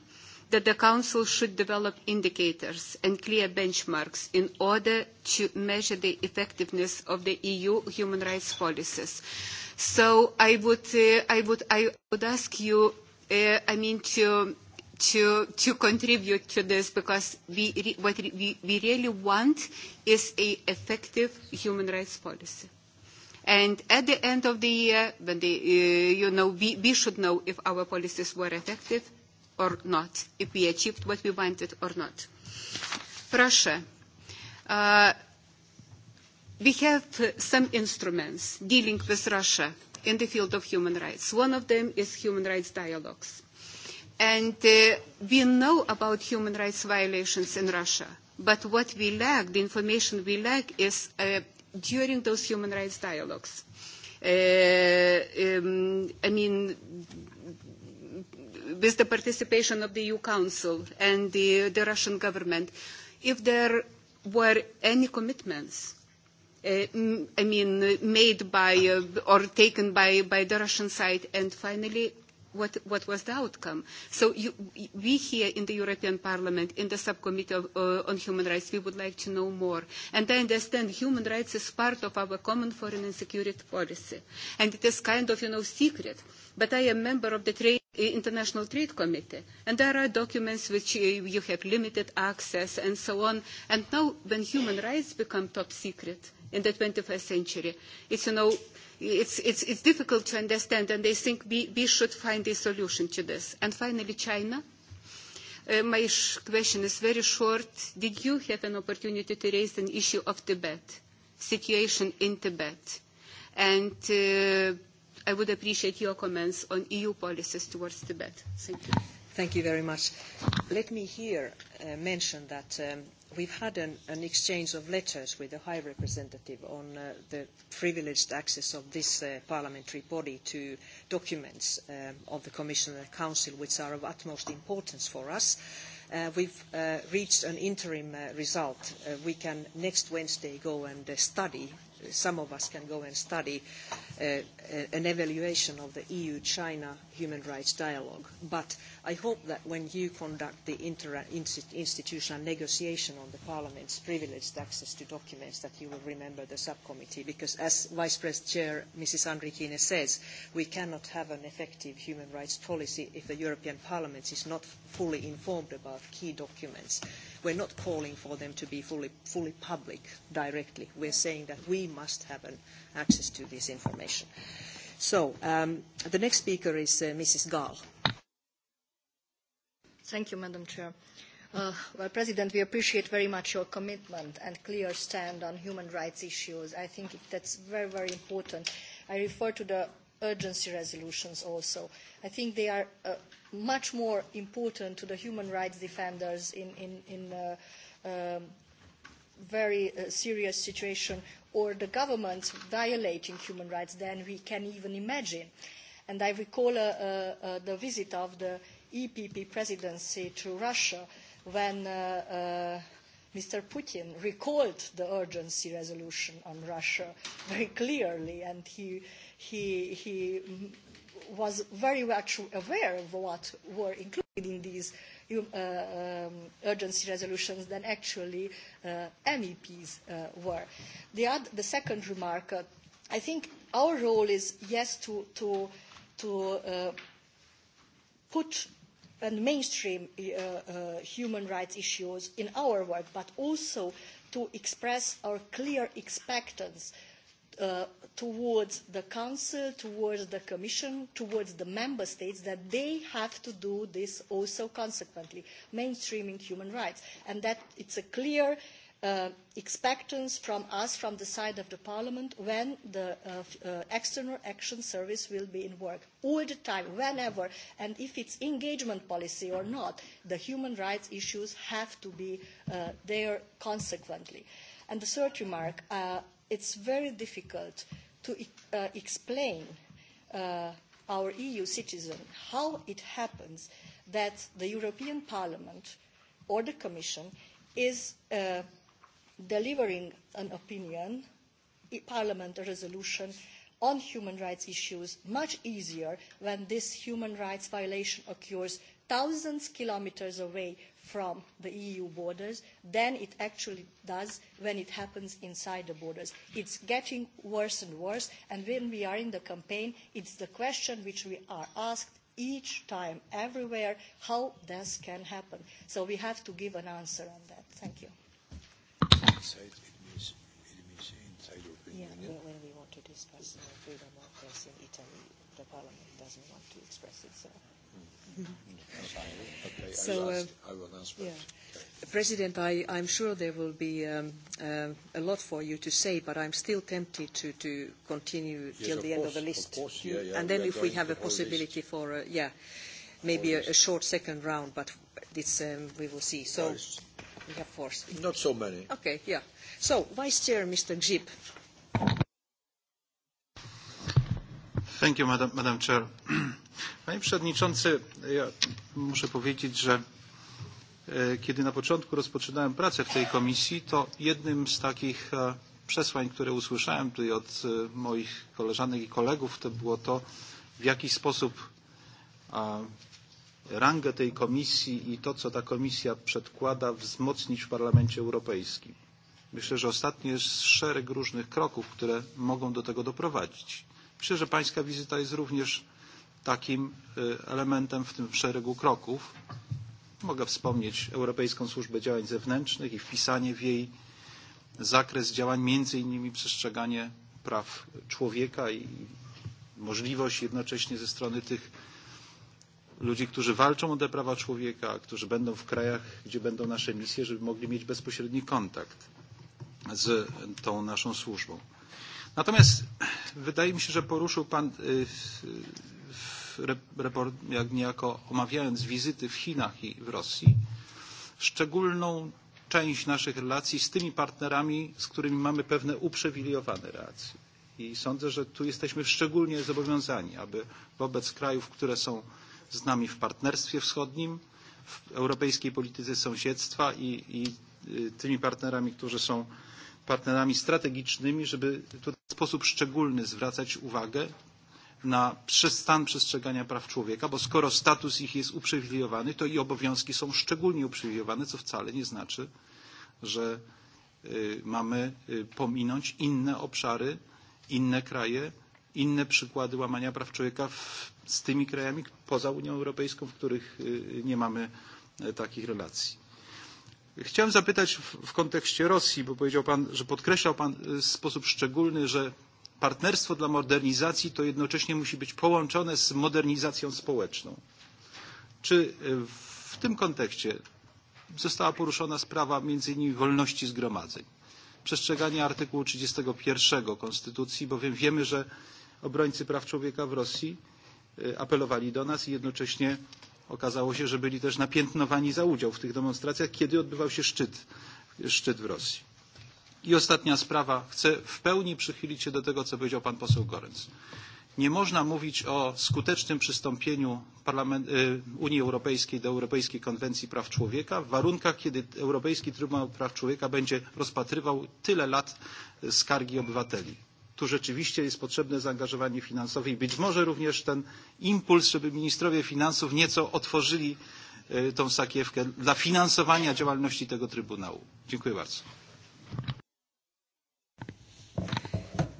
that the Council should develop indicators and clear benchmarks in order to measure the effectiveness of the EU human rights policies. So I would, uh, I would, I would ask you I mean, to to to contribute to this because we re, what we, we really want is a effective human rights policy. And at the end of the year, when the, uh, you know, we, we should know if our policies were effective or not, if we achieved what we wanted or not. Russia. Uh, we have some instruments dealing with Russia in the field of human rights. One of them is human rights dialogues. And uh, we know about human rights violations in Russia, but what we lack, the information we lack, is uh, during those human rights dialogues. Uh, um, I mean, with the participation of the EU Council and the, the Russian government, if there were any commitments Uh, I mean, uh, made by uh, or taken by, by the Russian side, and finally, what, what was the outcome? So you, we here in the European Parliament, in the subcommittee of, uh, on human rights, we would like to know more. And I understand human rights is part of our common foreign and security policy, and it is kind of, you know, secret. But I am member of the trade, International Trade Committee, and there are documents which uh, you have limited access and so on. And now, when human rights become top secret, in the 21st century. It's, you know, it's, it's, it's difficult to understand, and I think we, we should find a solution to this. And finally, China. Uh, my question is very short. Did you have an opportunity to raise an issue of Tibet, situation in Tibet? And uh, I would appreciate your comments on EU policies towards Tibet. Thank you. Thank you very much. Let me here uh, mention that um, we've had an, an exchange of letters with the High Representative on uh, the privileged access of this uh, parliamentary body to documents um, of the Commission and the Council, which are of utmost importance for us. Uh, we've uh, reached an interim uh, result. Uh, we can next Wednesday go and uh, study some of us can go and study uh, uh an evaluation of the EU-China human rights dialogue. But I hope that when you conduct the interinstitutional negotiation on the Parliament's privileged access to documents that you will remember the subcommittee, because as Vice President Chair Mrs. Andrikine says, we cannot have an effective human rights policy if the European Parliament is not fully informed about key documents We're not calling for them to be fully, fully public directly. We're saying that we must have an access to this information. So um, the next speaker is uh, Mrs. Gall. Thank you, Madam Chair. Uh, well, President, we appreciate very much your commitment and clear stand on human rights issues. I think that's very, very important. I refer to the urgency resolutions also. I think they are uh, much more important to the human rights defenders in, in, in uh, um, very uh, serious situation or the government violating human rights than we can even imagine. And I recall uh, uh, uh the visit of the EPP presidency to Russia when uh, uh, Mr. Putin recalled the urgency resolution on Russia very clearly, and he, he, he was very much aware of what were included in these uh, um, urgency resolutions than actually uh, MEPs uh, were. The, ad, the second remark, uh, I think our role is, yes, to, to, to uh, put and mainstream uh, uh, human rights issues in our work, but also to express our clear expectance uh, towards the Council, towards the Commission, towards the Member States, that they have to do this also consequently, mainstreaming human rights. And that it's a clear uh, from us, from the side of the Parliament, when the uh, uh, External Action Service will be in work. All the time, whenever, and if it's engagement policy or not, the human rights issues have to be uh, there consequently. And the third remark, uh, it's very difficult to uh, explain uh, our EU citizen how it happens that the European Parliament or the Commission is uh, delivering an opinion, a parliament a resolution on human rights issues much easier when this human rights violation occurs thousands of kilometres away from the EU borders than it actually does when it happens inside the borders. It's getting worse and worse, and when we are in the campaign, it's the question which we are asked each time, everywhere, how this can happen. So we have to give an answer on that. Thank you it means, it means inside yeah, When, we want to discuss uh, freedom of press in Italy, the parliament doesn't want to express itself. Mm. okay, so, uh, I will uh, yeah. okay. President, I, I'm sure there will be um, uh, a lot for you to say, but I'm still tempted to, to continue yes, till the course, end of the list. Of course, yeah, yeah, and then if we have a possibility list. for, a, yeah, maybe a, a short second round, but it's, um, we will see. So, We have four speakers. Not so many. Okay, yeah. So, Vice Chair, Mr. Gzip. Thank you, Madam, Madam Chair. (clears throat) Panie Przewodniczący, ja muszę powiedzieć, że kiedy na początku rozpoczynałem pracę w tej komisji, to jednym z takich przesłań, które usłyszałem tutaj od moich koleżanek i kolegów, to było to, w jaki sposób rangę tej komisji i to, co ta komisja przedkłada, wzmocnić w Parlamencie Europejskim. Myślę, że ostatnio jest szereg różnych kroków, które mogą do tego doprowadzić. Myślę, że pańska wizyta jest również takim elementem w tym szeregu kroków. Mogę wspomnieć Europejską Służbę Działań Zewnętrznych i wpisanie w jej zakres działań, między innymi przestrzeganie praw człowieka i możliwość jednocześnie ze strony tych ludzi, którzy walczą o te prawa człowieka, którzy będą w krajach, gdzie będą nasze misje, żeby mogli mieć bezpośredni kontakt z tą naszą służbą. Natomiast wydaje mi się, że poruszył Pan report, jak niejako omawiając wizyty w Chinach i w Rosji, szczególną część naszych relacji z tymi partnerami, z którymi mamy pewne uprzywilejowane relacje. I sądzę, że tu jesteśmy szczególnie zobowiązani, aby wobec krajów, które są z nami w partnerstwie wschodnim, w europejskiej polityce sąsiedztwa i, i tymi partnerami, którzy są partnerami strategicznymi, żeby tutaj w sposób szczególny zwracać uwagę na stan przestrzegania praw człowieka, bo skoro status ich jest uprzywilejowany, to i obowiązki są szczególnie uprzywilejowane, co wcale nie znaczy, że mamy pominąć inne obszary, inne kraje, inne przykłady łamania praw człowieka w, z tymi krajami poza Unią Europejską, w których nie mamy takich relacji. Chciałem zapytać w, w kontekście Rosji, bo powiedział Pan, że podkreślał Pan w sposób szczególny, że partnerstwo dla modernizacji to jednocześnie musi być połączone z modernizacją społeczną. Czy w tym kontekście została poruszona sprawa między innymi wolności zgromadzeń, przestrzegania artykułu 31 Konstytucji, bowiem wiemy, że obrońcy praw człowieka w Rosji apelowali do nas i jednocześnie okazało się, że byli też napiętnowani za udział w tych demonstracjach, kiedy odbywał się szczyt, szczyt w Rosji. I ostatnia sprawa. Chcę w pełni przychylić się do tego, co powiedział pan poseł Gorenc. Nie można mówić o skutecznym przystąpieniu Unii Europejskiej do Europejskiej Konwencji Praw Człowieka w warunkach, kiedy Europejski Trybunał Praw Człowieka będzie rozpatrywał tyle lat skargi obywateli tu rzeczywiście jest potrzebne zaangażowanie finansowe i być może również ten impuls, żeby ministrowie finansów nieco otworzyli tą sakiewkę dla finansowania działalności tego Trybunału. Dziękuję bardzo.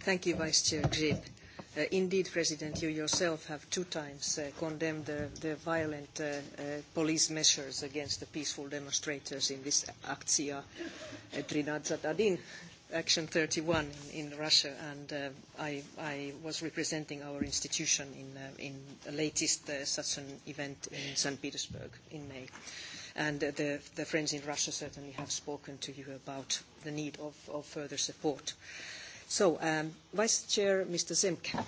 Thank you, Vice Chair Grzyb. Uh, indeed, President, you yourself have two times uh, condemned the, the violent uh, uh, police measures against the peaceful demonstrators in this Akcija uh, Trinadzadadin. Uh, Action 31 in Russia, and uh, I, I, was representing our institution in, uh, in the latest uh, such an event in St. Petersburg in May. And uh, the, the, friends in Russia certainly have spoken to you about the need of, of further support. So, um, Vice Chair, Mr. Zemke.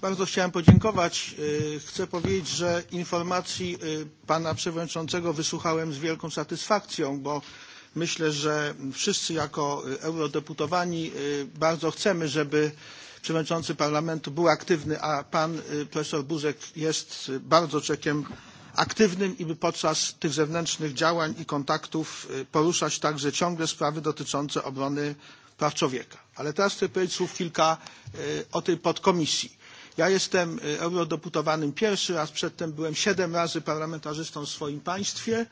Bardzo chciałem podziękować. Chcę powiedzieć, że informacji pana przewodniczącego wysłuchałem z wielką satysfakcją, bo Myślę, że wszyscy jako eurodeputowani bardzo chcemy, żeby przewodniczący parlamentu był aktywny, a pan profesor Buzek jest bardzo czekiem aktywnym i by podczas tych zewnętrznych działań i kontaktów poruszać także ciągle sprawy dotyczące obrony praw człowieka. Ale teraz chcę powiedzieć słów kilka o tej podkomisji. Ja jestem eurodeputowanym pierwszy raz, przedtem byłem siedem razy parlamentarzystą w swoim państwie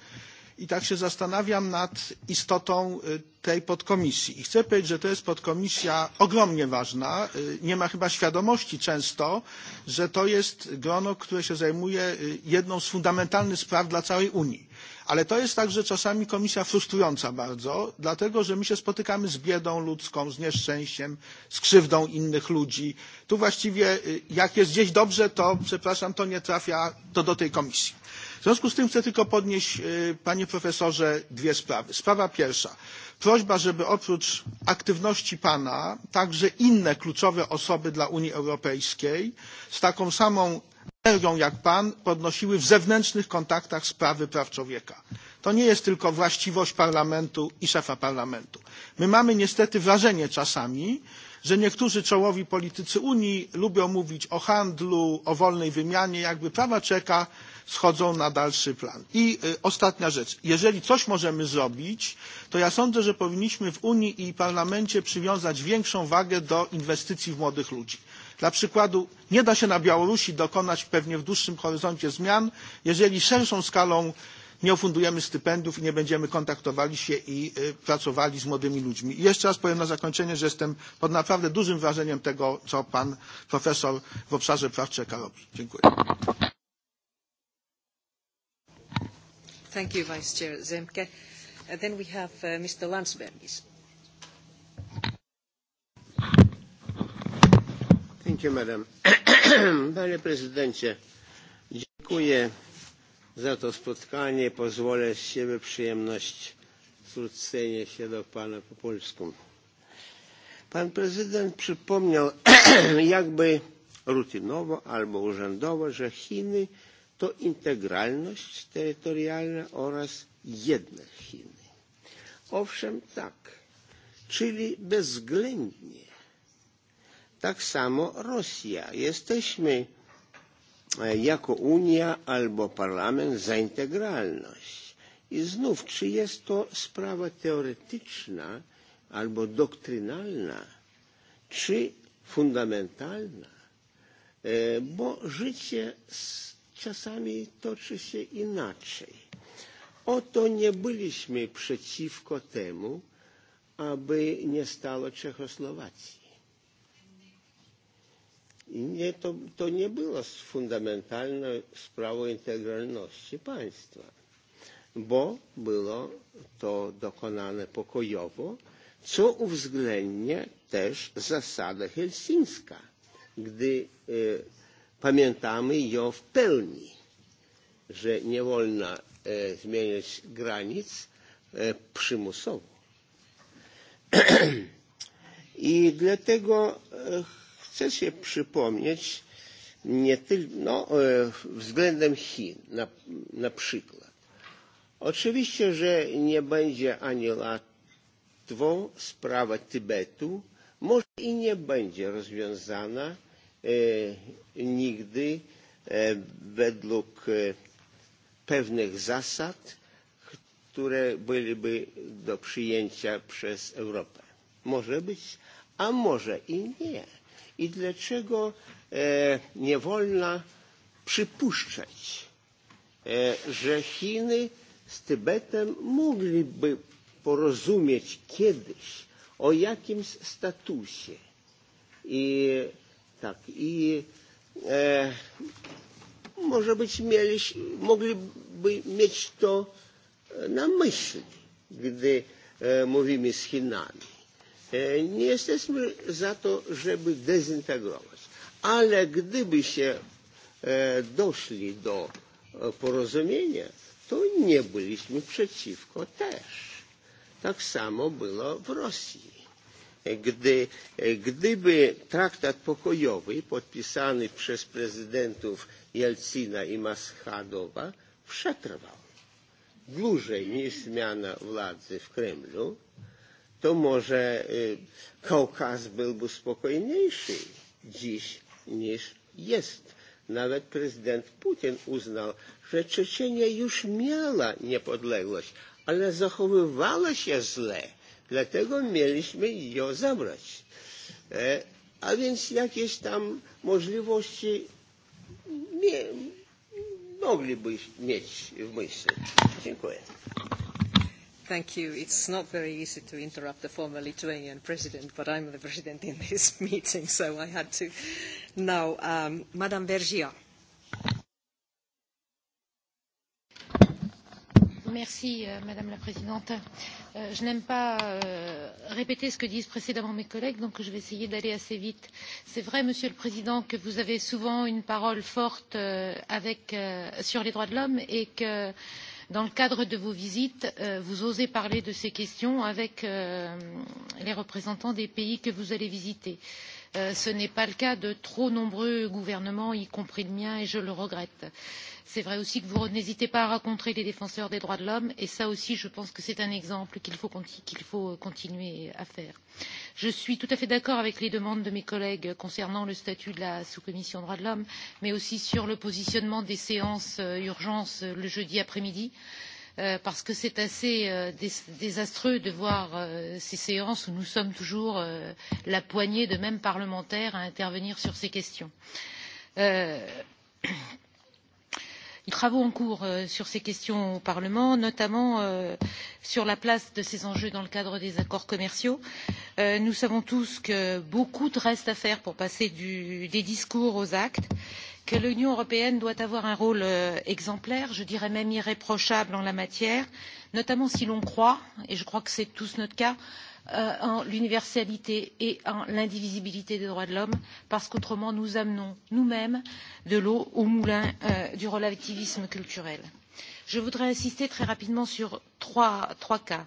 i tak się zastanawiam nad istotą tej podkomisji. I chcę powiedzieć, że to jest podkomisja ogromnie ważna. Nie ma chyba świadomości często, że to jest grono, które się zajmuje jedną z fundamentalnych spraw dla całej Unii. Ale to jest także czasami komisja frustrująca bardzo, dlatego że my się spotykamy z biedą ludzką, z nieszczęściem, z krzywdą innych ludzi. Tu właściwie jak jest gdzieś dobrze, to przepraszam, to nie trafia to do tej komisji. W związku z tym chcę tylko podnieść, panie profesorze, dwie sprawy. Sprawa pierwsza. Prośba, żeby oprócz aktywności pana także inne kluczowe osoby dla Unii Europejskiej z taką samą energią jak pan podnosiły w zewnętrznych kontaktach sprawy praw człowieka. To nie jest tylko właściwość parlamentu i szefa parlamentu. My mamy niestety wrażenie czasami, że niektórzy czołowi politycy Unii lubią mówić o handlu, o wolnej wymianie, jakby prawa czeka schodzą na dalszy plan. I ostatnia rzecz. Jeżeli coś możemy zrobić, to ja sądzę, że powinniśmy w Unii i Parlamencie przywiązać większą wagę do inwestycji w młodych ludzi. Dla przykładu nie da się na Białorusi dokonać pewnie w dłuższym horyzoncie zmian, jeżeli szerszą skalą nie ofundujemy stypendiów i nie będziemy kontaktowali się i pracowali z młodymi ludźmi. I jeszcze raz powiem na zakończenie, że jestem pod naprawdę dużym wrażeniem tego, co pan profesor w obszarze praw człowieka robi. Dziękuję. Thank you, Vice Chair Zemke. And then we have uh, Mr. Landsbergis. Thank you, Madam. (clears throat) Panie Prezydencie, dziękuję za to spotkanie. Pozwolę z siebie przyjemność zwrócenia się do Pana po polsku. Pan prezydent przypomniał (clears throat) jakby rutynowo albo urzędowo, że Chiny to integralność terytorialna oraz jedne Chiny. Owszem, tak, czyli bezwzględnie. Tak samo Rosja. Jesteśmy jako Unia albo Parlament za integralność. I znów, czy jest to sprawa teoretyczna albo doktrynalna, czy fundamentalna? Bo życie czasami toczy się inaczej. Oto nie byliśmy przeciwko temu, aby nie stało Czechosłowacji nie, to, to nie było fundamentalną sprawą integralności państwa, bo było to dokonane pokojowo, co uwzględnia też zasada helsińska, gdy e, pamiętamy ją w pełni, że nie wolno e, zmieniać granic e, przymusowo. I dlatego y, Chcę się przypomnieć nie tylko no, względem Chin na, na przykład. Oczywiście, że nie będzie ani łatwo sprawa Tybetu, może i nie będzie rozwiązana e, nigdy e, według e, pewnych zasad, które byłyby do przyjęcia przez Europę. Może być, a może i nie i dlaczego e, nie wolno przypuszczać, e, że Chiny z Tybetem mogliby porozumieć kiedyś o jakimś statusie. I tak, i e, może być mieli, mogliby mieć to na myśli, gdy e, mówimy z Chinami Nie jesteśmy za to, żeby dezintegrować, ale gdyby się doszli do porozumienia, to nie byliśmy przeciwko też. Tak samo było w Rosji. Gdy, gdyby traktat pokojowy podpisany przez prezydentów Jelcina i Maschadowa przetrwał dłużej niż zmiana władzy w Kremlu, to może Kaukaz byłby spokojniejszy dziś niż jest. Nawet prezydent Putin uznał, że Czeczenia już miała niepodległość, ale zachowywała się źle, dlatego mieliśmy ją zabrać. E, a więc jakieś tam możliwości nie, mogliby mieć w myśli. Dziękuję. Thank you. It's not very easy to interrupt the former Lithuanian president, but I'm the president in this (laughs) meeting, so I had to. Now, um, Madame Bergia. Merci, euh, Madame la Présidente. Euh, je n'aime pas euh, répéter ce que disent précédemment mes collègues, donc je vais essayer d'aller assez vite. C'est vrai, Monsieur le Président, que vous avez souvent une parole forte euh, avec, euh, sur les droits de l'homme et que euh, dans le cadre de vos visites euh, vous osez parler de ces questions avec euh, les représentants des pays que vous allez visiter. Euh, Euh, ce n'est pas le cas de trop nombreux gouvernements y compris le mien et je le regrette. c'est vrai aussi que vous n'hésitez pas à rencontrer les défenseurs des droits de l'homme et ça aussi je pense que c'est un exemple qu'il faut, qu faut continuer à faire. je suis tout à fait d'accord avec les demandes de mes collègues concernant le statut de la sous commission droits de l'homme mais aussi sur le positionnement des séances euh, urgences euh, le jeudi après midi. Euh, Euh, parce que c'est assez euh, désastreux de voir euh, ces séances où nous sommes toujours la poignée de mêmes parlementaires à intervenir sur ces questions. Les (coughs) travaux en cours sur ces questions au Parlement, notamment sur la place de ces enjeux dans le cadre des accords commerciaux. Nous savons tous que beaucoup reste à faire pour passer du, des discours aux actes que l'union européenne doit avoir un rôle euh, exemplaire je dirais même irréprochable en la matière notamment si l'on croit et je crois que c'est tous notre cas euh, en l'universalité et en l'indivisibilité des droits de l'homme parce qu'autrement nous amenons nous mêmes de l'eau au moulin euh, du relativisme culturel. je voudrais insister très rapidement sur trois, trois cas.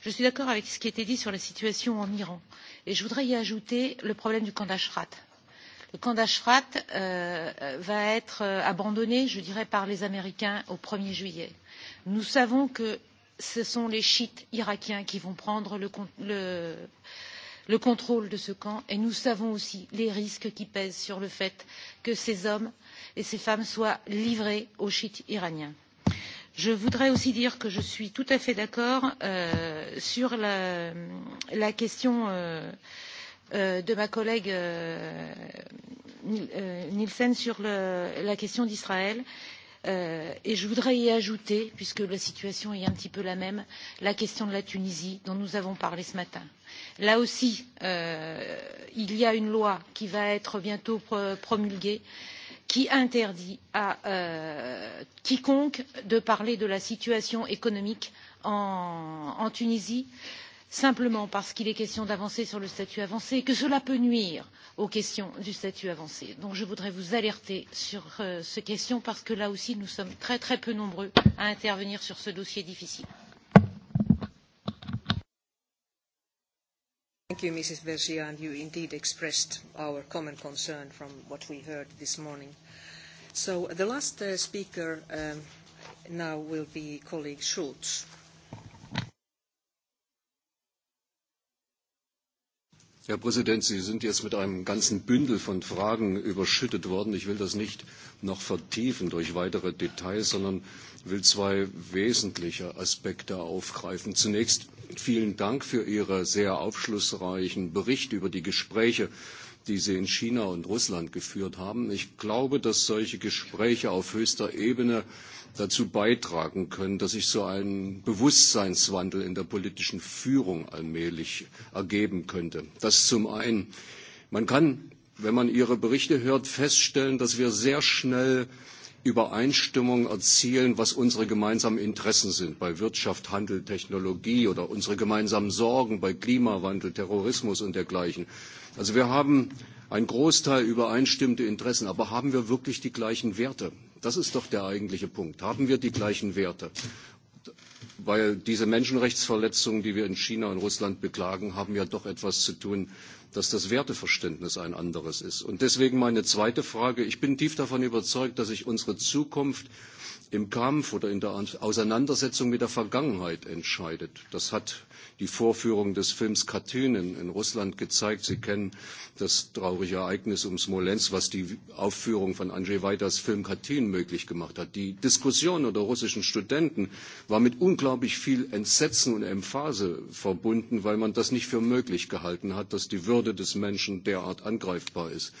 je suis d'accord avec ce qui a été dit sur la situation en iran et je voudrais y ajouter le problème du camp d'ashraf le camp d'ashraf euh, va être euh, abandonné je dirais par les américains au 1 er juillet. nous savons que ce sont les chiites irakiens qui vont prendre le, le, le contrôle de ce camp et nous savons aussi les risques qui pèsent sur le fait que ces hommes et ces femmes soient livrés aux chiites iraniens. je voudrais aussi dire que je suis tout à fait d'accord euh, sur la, la question euh, Euh, de ma collègue euh, euh, nielsen sur la question d'israël et je voudrais y ajouter puisque la situation est un petit peu la même la question de la tunisie dont nous avons parlé ce matin. là aussi il y a une loi qui va être bientôt promulguée qui interdit à quiconque de parler de la situation économique en, en tunisie et simplement parce qu'il est question d'avancer sur le statut avancé et que cela peut nuire aux questions du statut avancé. donc je voudrais vous alerter sur euh, ces questions parce que là aussi nous sommes très très peu nombreux à intervenir sur ce dossier difficile. Thank you, Mrs. Vergia, and you indeed expressed our common concern from what we heard this morning. So the last uh, speaker um, now will be colleague Herr Präsident, Sie sind jetzt mit einem ganzen Bündel von Fragen überschüttet worden. Ich will das nicht noch vertiefen durch weitere Details, sondern will zwei wesentliche Aspekte aufgreifen. Zunächst vielen Dank für Ihren sehr aufschlussreichen Bericht über die Gespräche die sie in China und Russland geführt haben. Ich glaube, dass solche Gespräche auf höchster Ebene dazu beitragen können, dass sich so ein Bewusstseinswandel in der politischen Führung allmählich ergeben könnte. Das zum einen. Man kann, wenn man Ihre Berichte hört, feststellen, dass wir sehr schnell Übereinstimmung erzielen, was unsere gemeinsamen Interessen sind, bei Wirtschaft, Handel, Technologie oder unsere gemeinsamen Sorgen bei Klimawandel, Terrorismus und dergleichen. Also wir haben einen Großteil übereinstimmte Interessen, aber haben wir wirklich die gleichen Werte? Das ist doch der eigentliche Punkt. Haben wir die gleichen Werte? weil diese Menschenrechtsverletzungen, die wir in China und Russland beklagen, haben ja doch etwas zu tun, dass das Werteverständnis ein anderes ist. Und deswegen meine zweite Frage. Ich bin tief davon überzeugt, dass sich unsere Zukunft im Kampf oder in der Auseinandersetzung mit der Vergangenheit entscheidet. Das hat die Vorführung des Films Katynin in Russland gezeigt. Sie kennen das traurige Ereignis um Smolensk, was die Aufführung von Andrzej Wajdas Film Katyn möglich gemacht hat. Die Diskussion unter russischen Studenten war mit unglaublich viel Entsetzen und Emphase verbunden, weil man das nicht für möglich gehalten hat, dass die Würde des Menschen derart angreifbar ist.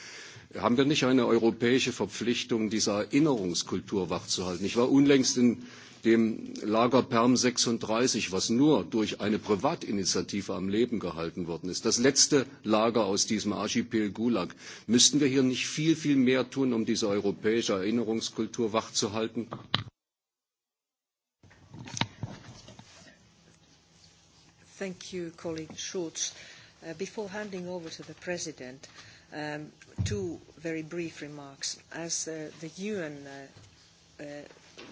Haben wir nicht eine europäische Verpflichtung, diese Erinnerungskultur wachzuhalten? Ich war unlängst in dem Lager Perm 36, was nur durch eine Privatinitiative am Leben gehalten worden ist, das letzte Lager aus diesem Archipel Gulag. Müssten wir hier nicht viel, viel mehr tun, um diese europäische Erinnerungskultur wachzuhalten? Thank you, colleague Schulz. Uh, before handing over to the President, Um, two very brief remarks. As uh, the UN uh, uh,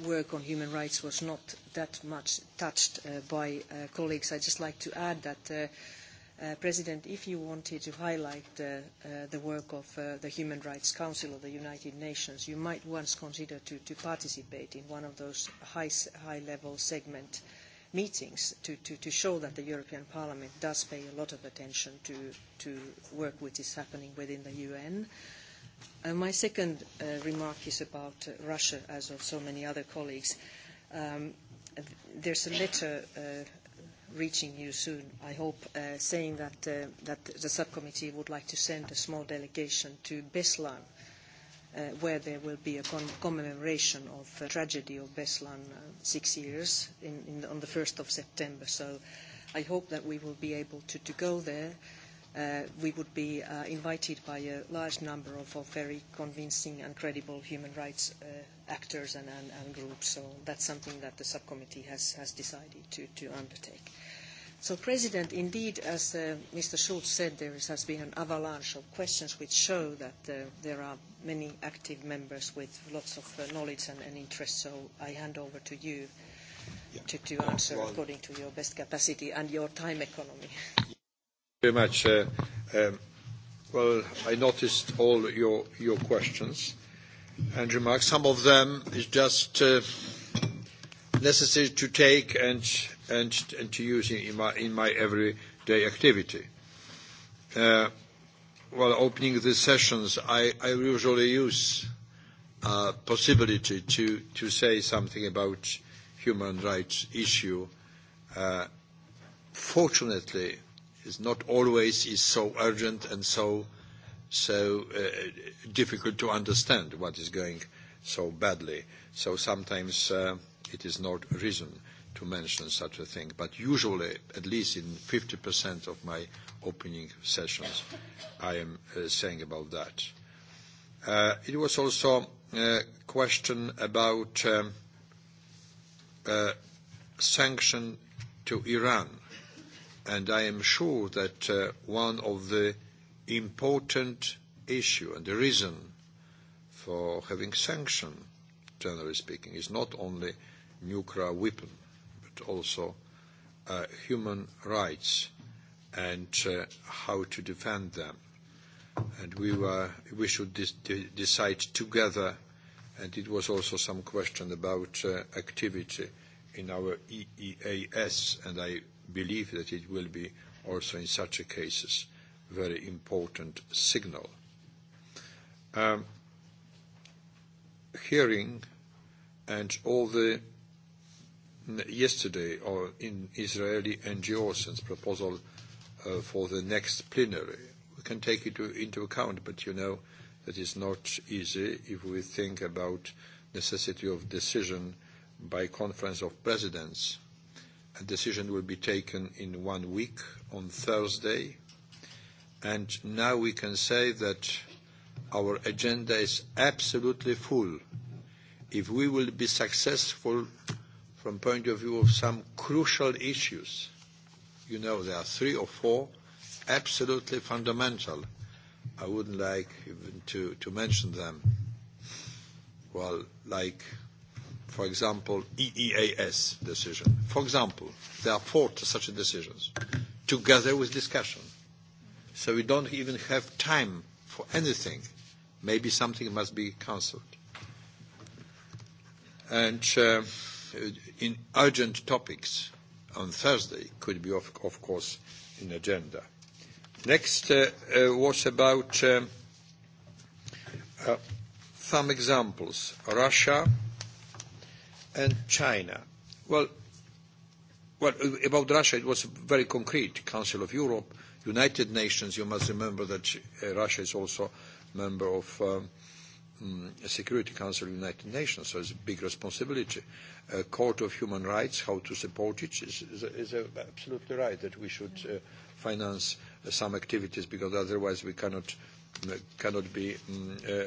work on human rights was not that much touched uh, by uh, colleagues, I'd just like to add that, uh, President, if you wanted to highlight the work of the Human Rights Council of the United Nations, you might once consider to, to participate in one of those high-level high segment uh, meetings to, to, to show that the European Parliament does pay a lot of attention to, to work which is happening within the UN. Uh, my second uh, remark is about uh, Russia, as of so many other colleagues. Um, there's a letter uh, reaching you soon, I hope, uh, saying that, uh, that the subcommittee would like to send a small delegation to Beslan, uh, where there will be a commemoration of the tragedy of Beslan uh, six years in, in the, on the 1st of September. So I hope that we will be able to, to go there. Uh, we would be uh, invited by a large number of, of very convincing and credible human rights uh, actors and, and, and groups. So that's something that the subcommittee has, has decided to, to undertake. Uh, So, President, indeed, as uh, Mr. Schulz said, there has been an avalanche of questions which show that uh, there are many active members with lots of uh, knowledge and, and interest. So I hand over to you yeah. to, to answer well, according to your best capacity and your time economy. (laughs) Thank you very much. Uh, um, well, I noticed all your, your questions and remarks. Some of them is just uh, necessary to take and and, and to use in, my, in my everyday activity. Uh, while opening the sessions, I, I usually use uh, possibility to, to say something about human rights issue. Uh, fortunately, is not always is so urgent and so so uh, difficult to understand what is going so badly. So sometimes uh, it is not reason to mention such a thing. But usually, at least in 50% of my opening sessions, I am uh, saying about that. Uh, it was also a uh, question about um, uh, sanction to Iran. And I am sure that uh, one of the important issue and the reason for having sanction, generally speaking, is not only nuclear weapon also uh, human rights and uh, how to defend them. And we, were, we should de decide together, and it was also some question about uh, activity in our EEAS, and I believe that it will be also in such a cases very important signal. Um, hearing and all the yesterday or in Israeli NGOs and proposal uh, for the next plenary. We can take it to, into account, but you know that is not easy if we think about necessity of decision by Conference of Presidents. A decision will be taken in one week on Thursday. And now we can say that our agenda is absolutely full. If we will be successful from point of view of some crucial issues. You know, there are three or four absolutely fundamental. I wouldn't like even to, to mention them. Well, like, for example, EEAS decision. For example, there are four such decisions, together with discussion. So we don't even have time for anything. Maybe something must be cancelled. And... Uh, Uh, in urgent topics on Thursday could be, of, of course, in agenda. Next uh, uh, was about um, uh, some examples, Russia and China. Well, well, uh, about Russia, it was very concrete. Council of Europe, United Nations, you must remember that uh, Russia is also member of Uh, um, Security Council of the United Nations, so it's a big responsibility. A Court of Human Rights, how to support it, is, is, is absolutely right that we should uh, finance uh, some activities because otherwise we cannot, mm, cannot be, um, uh, uh,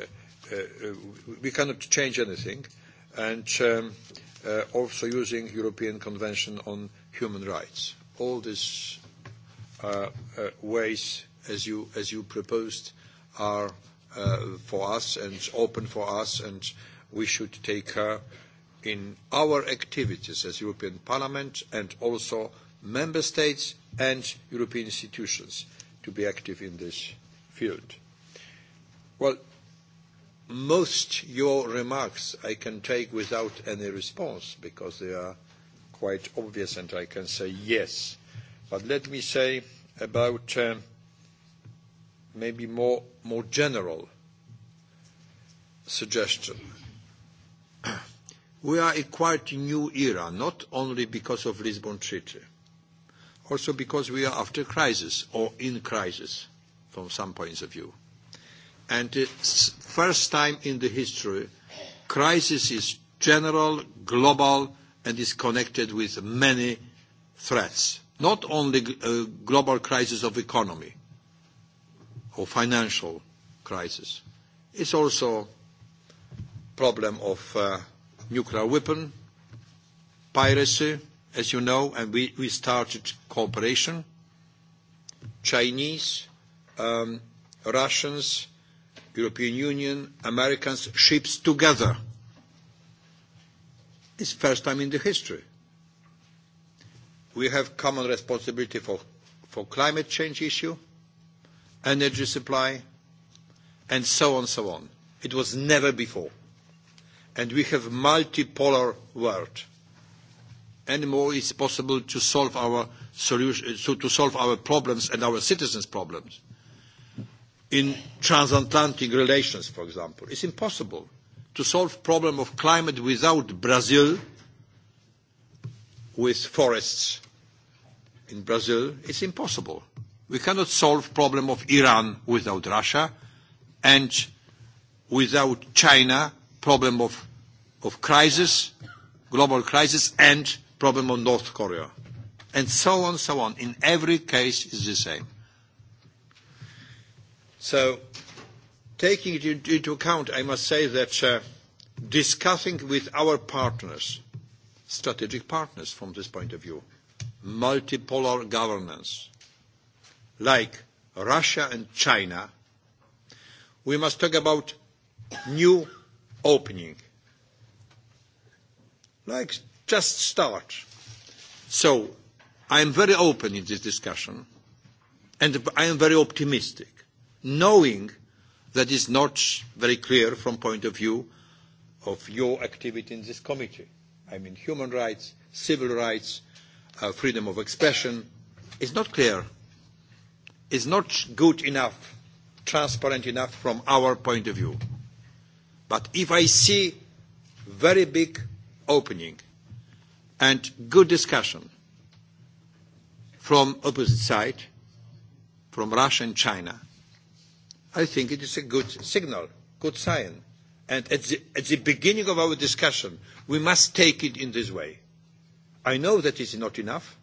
uh we cannot change anything. And um, uh, also using European Convention on Human Rights. All these uh, uh, ways, as you, as you proposed, are Uh, for us and open for us, and we should take her in our activities as European Parliament and also Member States and European institutions to be active in this field. Well, most your remarks I can take without any response because they are quite obvious and I can say yes. But let me say about uh, maybe more, more general suggestion. we are in quite a new era, not only because of Lisbon Treaty, also because we are after crisis or in crisis from some points of view. And it's first time in the history, crisis is general, global, and is connected with many threats. Not only a uh, global crisis of economy, or financial crisis. It's also problem of uh, nuclear weapon, piracy, as you know, and we, we started cooperation. Chinese, um, Russians, European Union, Americans, ships together. It's first time in the history. We have common responsibility for, for climate change issue, energy supply, and so on and so on. It was never before. And we have multipolar world. Anymore it's possible to solve our solution, to solve our problems and our citizens' problems. In transatlantic relations, for example, it's impossible to solve problem of climate without Brazil with forests in Brazil. It's impossible We cannot solve problem of Iran without Russia and without China, problem of, of crisis, global crisis, and problem of North Korea. And so on, so on. In every case, is the same. So, taking it into account, I must say that uh, discussing with our partners, strategic partners from this point of view, multipolar governance, like Russia and China, we must talk about new opening, like just start. So I am very open in this discussion, and I am very optimistic, knowing that is not very clear from point of view of your activity in this committee. I mean, human rights, civil rights, uh, freedom of expression It's not clear is not good enough, transparent enough from our point of view. But if I see very big opening and good discussion from opposite side, from Russia and China, I think it is a good signal, good sign. And at the, at the beginning of our discussion, we must take it in this way. I know that is not enough,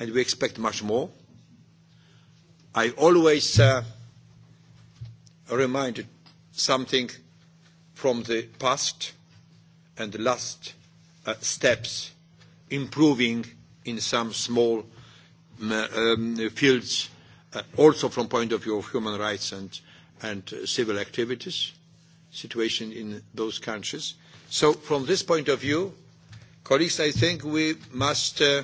and we expect much more, I always uh, reminded something from the past and the last uh, steps improving in some small um, fields uh, also from point of view of human rights and, and uh, civil activities, situation in those countries. So from this point of view, colleagues, I think we must uh,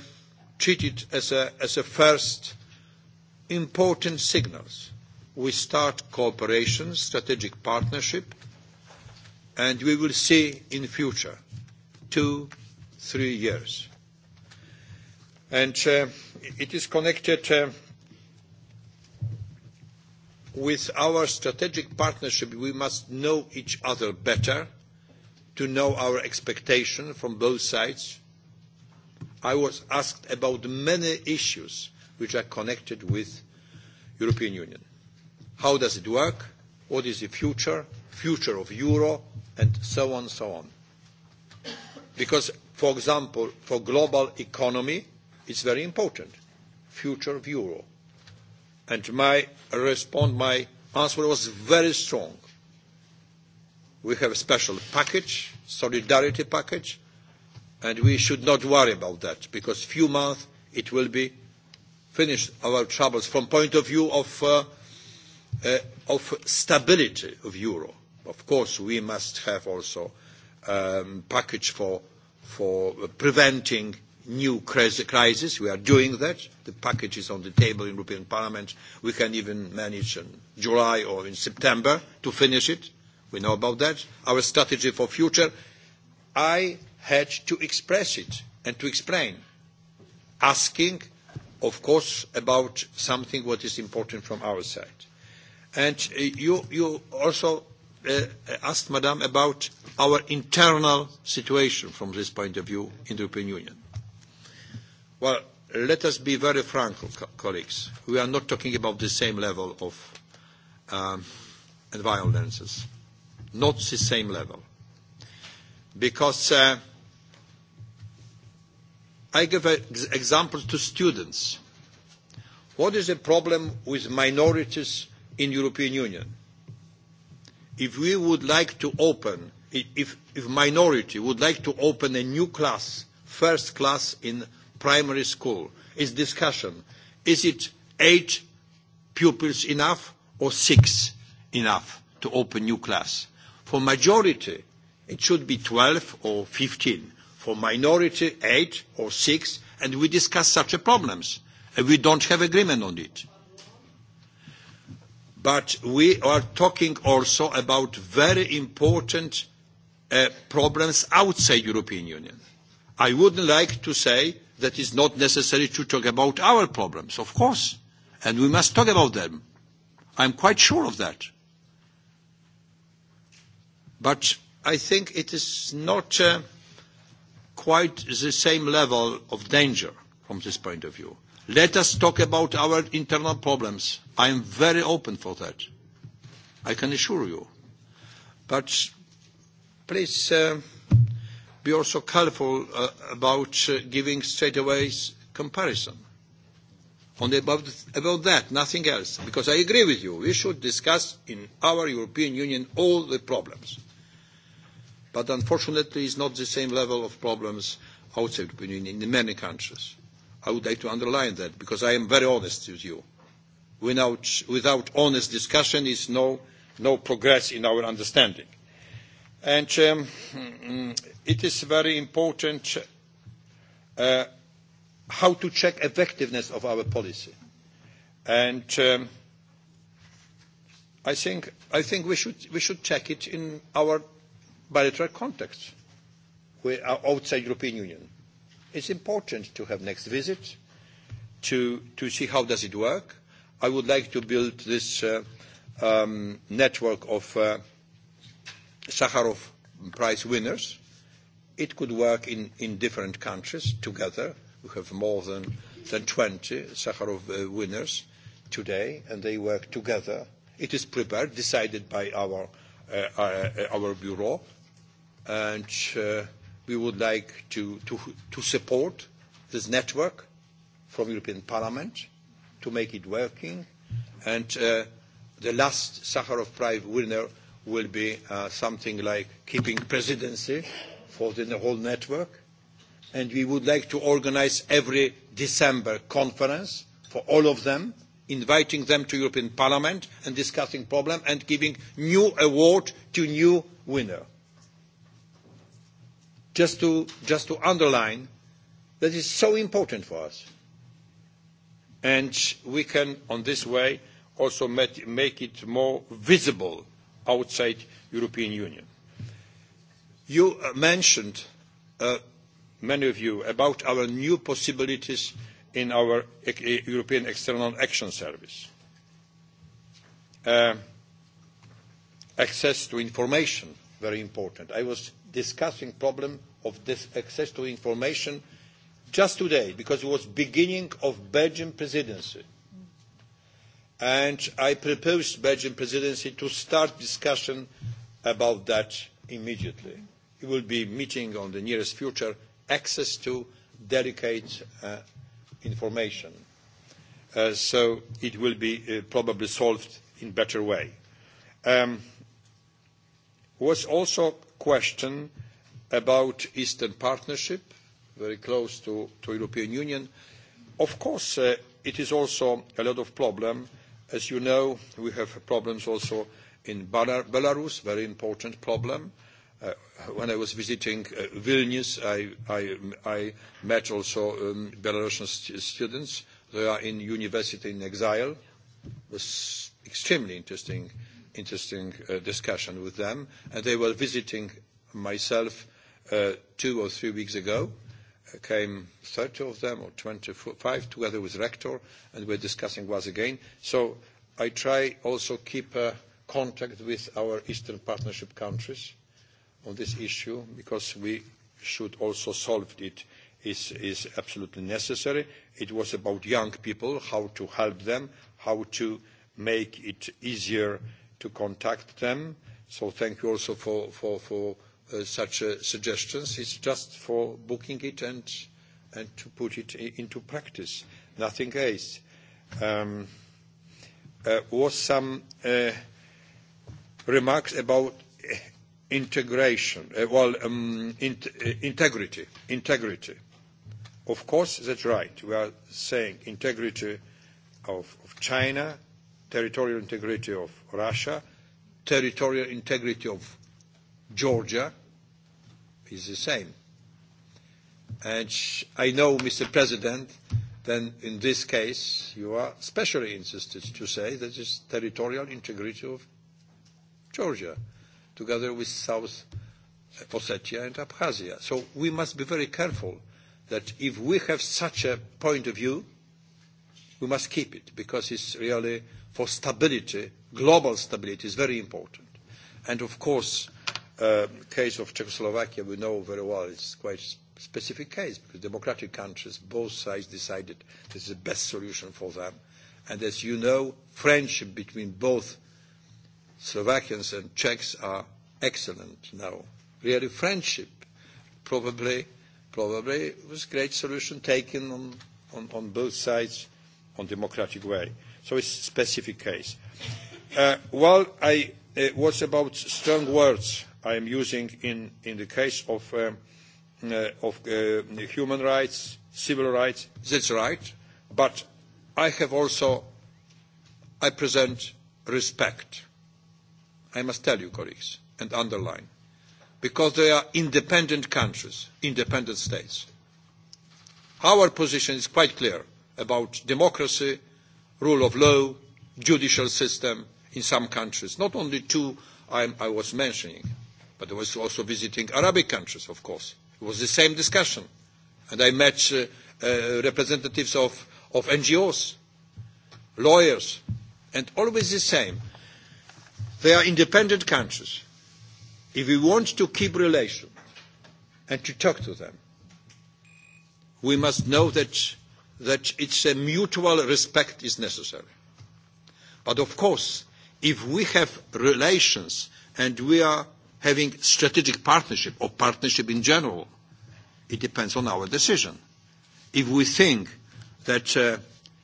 treat it as a, as a first important signals. We start cooperation, strategic partnership, and we will see in future, two, three years. And uh, it is connected uh, with our strategic partnership. We must know each other better to know our expectation from both sides. I was asked about many issues which are connected with European Union. How does it work? What is the future? Future of Euro? And so on, so on. Because, for example, for global economy, it's very important. Future of Euro. And my response, my answer was very strong. We have a special package, solidarity package, and we should not worry about that because few months it will be finish our troubles from point of view of, uh, uh, of stability of euro. Of course, we must have also um, package for, for preventing new crisis. We are doing that. The package is on the table in European Parliament. We can even manage in July or in September to finish it. We know about that. Our strategy for future, I had to express it and to explain, asking of course, about something what is important from our side. And uh, you, you also uh, asked, Madame, about our internal situation from this point of view in the European Union. Well, let us be very frank, colleagues. We are not talking about the same level of um, violences. Not the same level. Because uh, I give an example to students. What is the problem with minorities in European Union? If we would like to open, if, if minority would like to open a new class, first class in primary school, is discussion. Is it eight pupils enough or six enough to open new class? For majority, it should be 12 or 15 for minority eight or six, and we discuss such problems, and we don't have agreement on it. But we are talking also about very important uh, problems outside European Union. I wouldn't like to say that it's not necessary to talk about our problems, of course, and we must talk about them. I'm quite sure of that. But I think it is not... Uh, quite the same level of danger from this point of view. Let us talk about our internal problems. I am very open for that. I can assure you. But please uh, be also careful uh, about uh, giving straightaway comparison. Only about, about that, nothing else. Because I agree with you. We should discuss in our European Union all the problems. But unfortunately, it's not the same level of problems outside the European Union in many countries. I would like to underline that because I am very honest with you. Without, without honest discussion is no, no progress in our understanding. And um, mm, it is very important uh, how to check effectiveness of our policy. And um, I, think, I think we should, we should check it in our bilateral contacts with, uh, outside European Union. It's important to have next visit to, to see how does it work. I would like to build this uh, um, network of uh, Sakharov Prize winners. It could work in, in different countries together. We have more than, than 20 Sakharov uh, winners today, and they work together. It is prepared, decided by our, uh, our, uh, our bureau, and uh, we would like to, to, to support this network from European Parliament to make it working. And uh, the last Sakharov Prize winner will be uh, something like keeping presidency for the whole network. And we would like to organize every December conference for all of them, inviting them to European Parliament and discussing problem and giving new award to new winner just to, just to underline that is so important for us. And we can, on this way, also make it more visible outside European Union. You uh, mentioned, uh, many of you, about our new possibilities in our European External Action Service. Uh, access to information, very important. I was discussing problem of this access to information just today because it was beginning of Belgian presidency. And I proposed Belgian presidency to start discussion about that immediately. It will be meeting on the nearest future access to delicate uh, information. Uh, so it will be uh, probably solved in better way. Um, was also question about Eastern Partnership, very close to, to European Union. Of course, uh, it is also a lot of problem. As you know, we have problems also in Belarus, very important problem. Uh, when I was visiting uh, Vilnius, I, I, I, met also um, Belarusian st students. They are in university in exile. It was extremely interesting interesting uh, discussion with them. And they were visiting myself uh, two or three weeks ago. Uh, came 30 of them or 25 together with rector, and we're discussing once again. So I try also keep uh, contact with our Eastern Partnership countries on this issue because we should also solve it is, is absolutely necessary. It was about young people, how to help them, how to make it easier to contact them. So thank you also for, for, for uh, such uh, suggestions. It's just for booking it and, and to put it into practice, nothing else. Um, uh, was some uh, remarks about uh, integration, uh, well, um, in, uh, integrity, integrity. Of course, that's right. We are saying integrity of, of China, territorial integrity of Russia, territorial integrity of Georgia is the same. And I know, Mr. President, then in this case you are specially insisted to say that it's territorial integrity of Georgia together with South Ossetia and Abkhazia. So we must be very careful that if we have such a point of view, we must keep it because it's really for stability, global stability, is very important. And of course, uh, case of Czechoslovakia we know very well. It's quite a specific case because democratic countries, both sides decided this is the best solution for them. And as you know, friendship between both Slovakians and Czechs are excellent now. Really, friendship probably, probably was a great solution taken on, on, on both sides on democratic way. So it's a specific case. Uh, well, I uh, was about strong words I am using in, in the case of, um, uh, of uh, human rights, civil rights, that's right. But I have also, I present respect. I must tell you, colleagues, and underline, because they are independent countries, independent states. Our position is quite clear about democracy, rule of law, judicial system in some countries, not only two I, I was mentioning, but I was also visiting Arabic countries, of course. It was the same discussion. And I met uh, uh, representatives of, of NGOs, lawyers, and always the same. They are independent countries. If we want to keep relations and to talk to them, we must know that that it's a mutual respect is necessary. But of course, if we have relations and we are having strategic partnership or partnership in general, it depends on our decision. If we think that uh,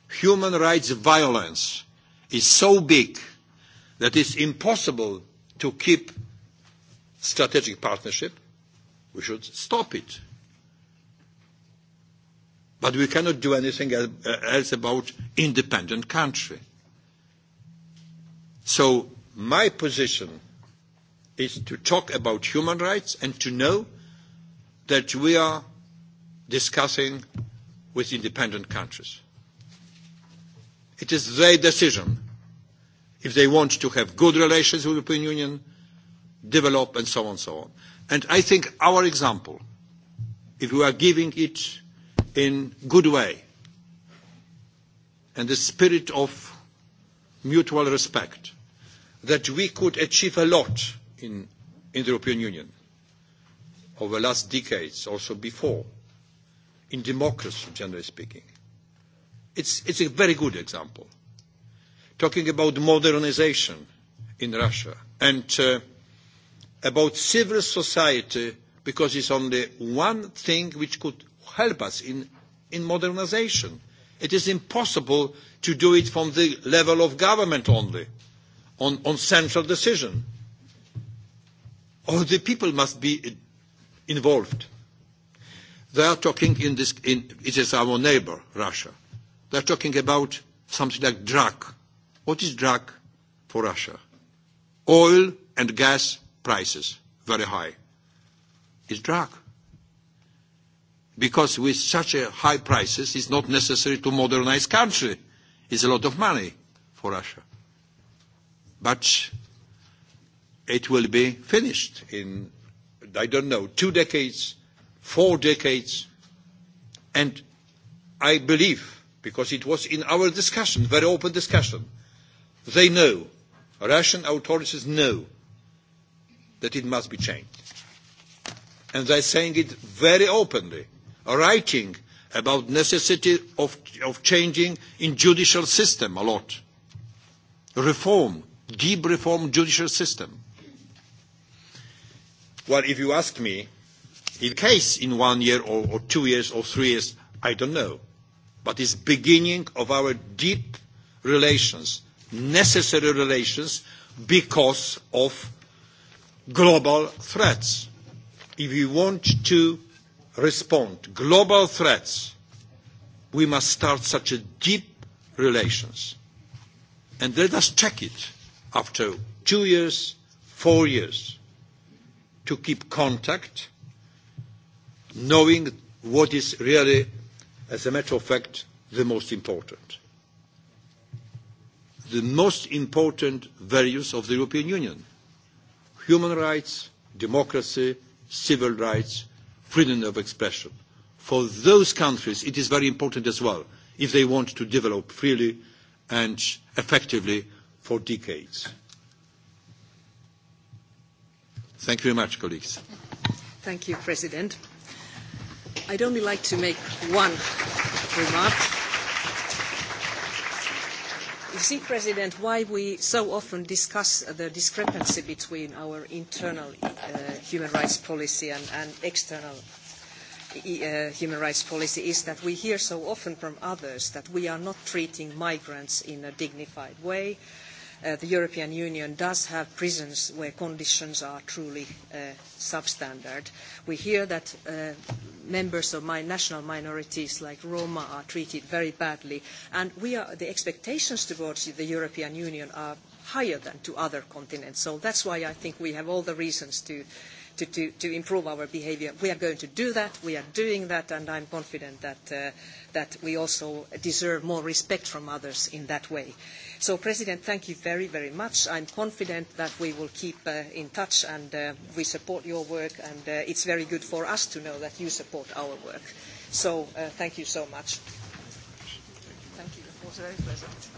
human rights violence is so big that it's impossible to keep strategic partnership, we should stop it. But we cannot do anything uh, else about independent country. So my position is to talk about human rights and to know that we are discussing with independent countries. It is their decision if they want to have good relations with the European Union, develop and so on and so on. And I think our example, if we are giving it in good way and the spirit of mutual respect that we could achieve a lot in, in the European Union over the last decades, also before, in democracy, generally speaking. It's, it's a very good example. Talking about modernization in Russia and uh, about civil society, because it's only one thing which could help us in, in modernization. It is impossible to do it from the level of government only, on, on central decision. All oh, the people must be uh, involved. They are talking in this, in, it is our neighbor, Russia. They are talking about something like drug. What is drug for Russia? Oil and gas prices, very high. It's drug because with such a high prices, it's not necessary to modernize country. It's a lot of money for Russia. But it will be finished in, I don't know, two decades, four decades. And I believe, because it was in our discussion, very open discussion, they know, Russian authorities know that it must be changed. And they're saying it very openly writing about necessity of, of changing in judicial system a lot. Reform, deep reform judicial system. Well, if you ask me, in case in one year or, or two years or three years, I don't know. But it's beginning of our deep relations, necessary relations, because of global threats. If we want to respond global threats, we must start such a deep relations. And let us check it after two years, four years, to keep contact, knowing what is really, as a matter of fact, the most important. The most important values of the European Union, human rights, democracy, civil rights, freedom of expression. For those countries, it is very important as well, if they want to develop freely and effectively for decades. Thank you very much, colleagues. Thank you, President. I'd only like to make one remark see, President, why we so often discuss the discrepancy between our internal uh, human rights policy and, and external uh, human rights policy is that we hear so often from others that we are not treating migrants in a dignified way. Uh, the European Union does have prisons where conditions are truly uh, substandard. We hear that uh, members of my national minorities like Roma are treated very badly. And we are, the expectations towards the European Union are higher than to other continents. So that's why I think we have all the reasons to, to, to, to improve our behaviour. We are going to do that. We are doing that. And I'm confident that, uh, that we also deserve more respect from others in that way. Uh, So, President, thank you very, very much. I'm confident that we will keep uh, in touch and uh, we support your work and uh, it's very good for us to know that you support our work. So, uh, thank you so much. Thank you.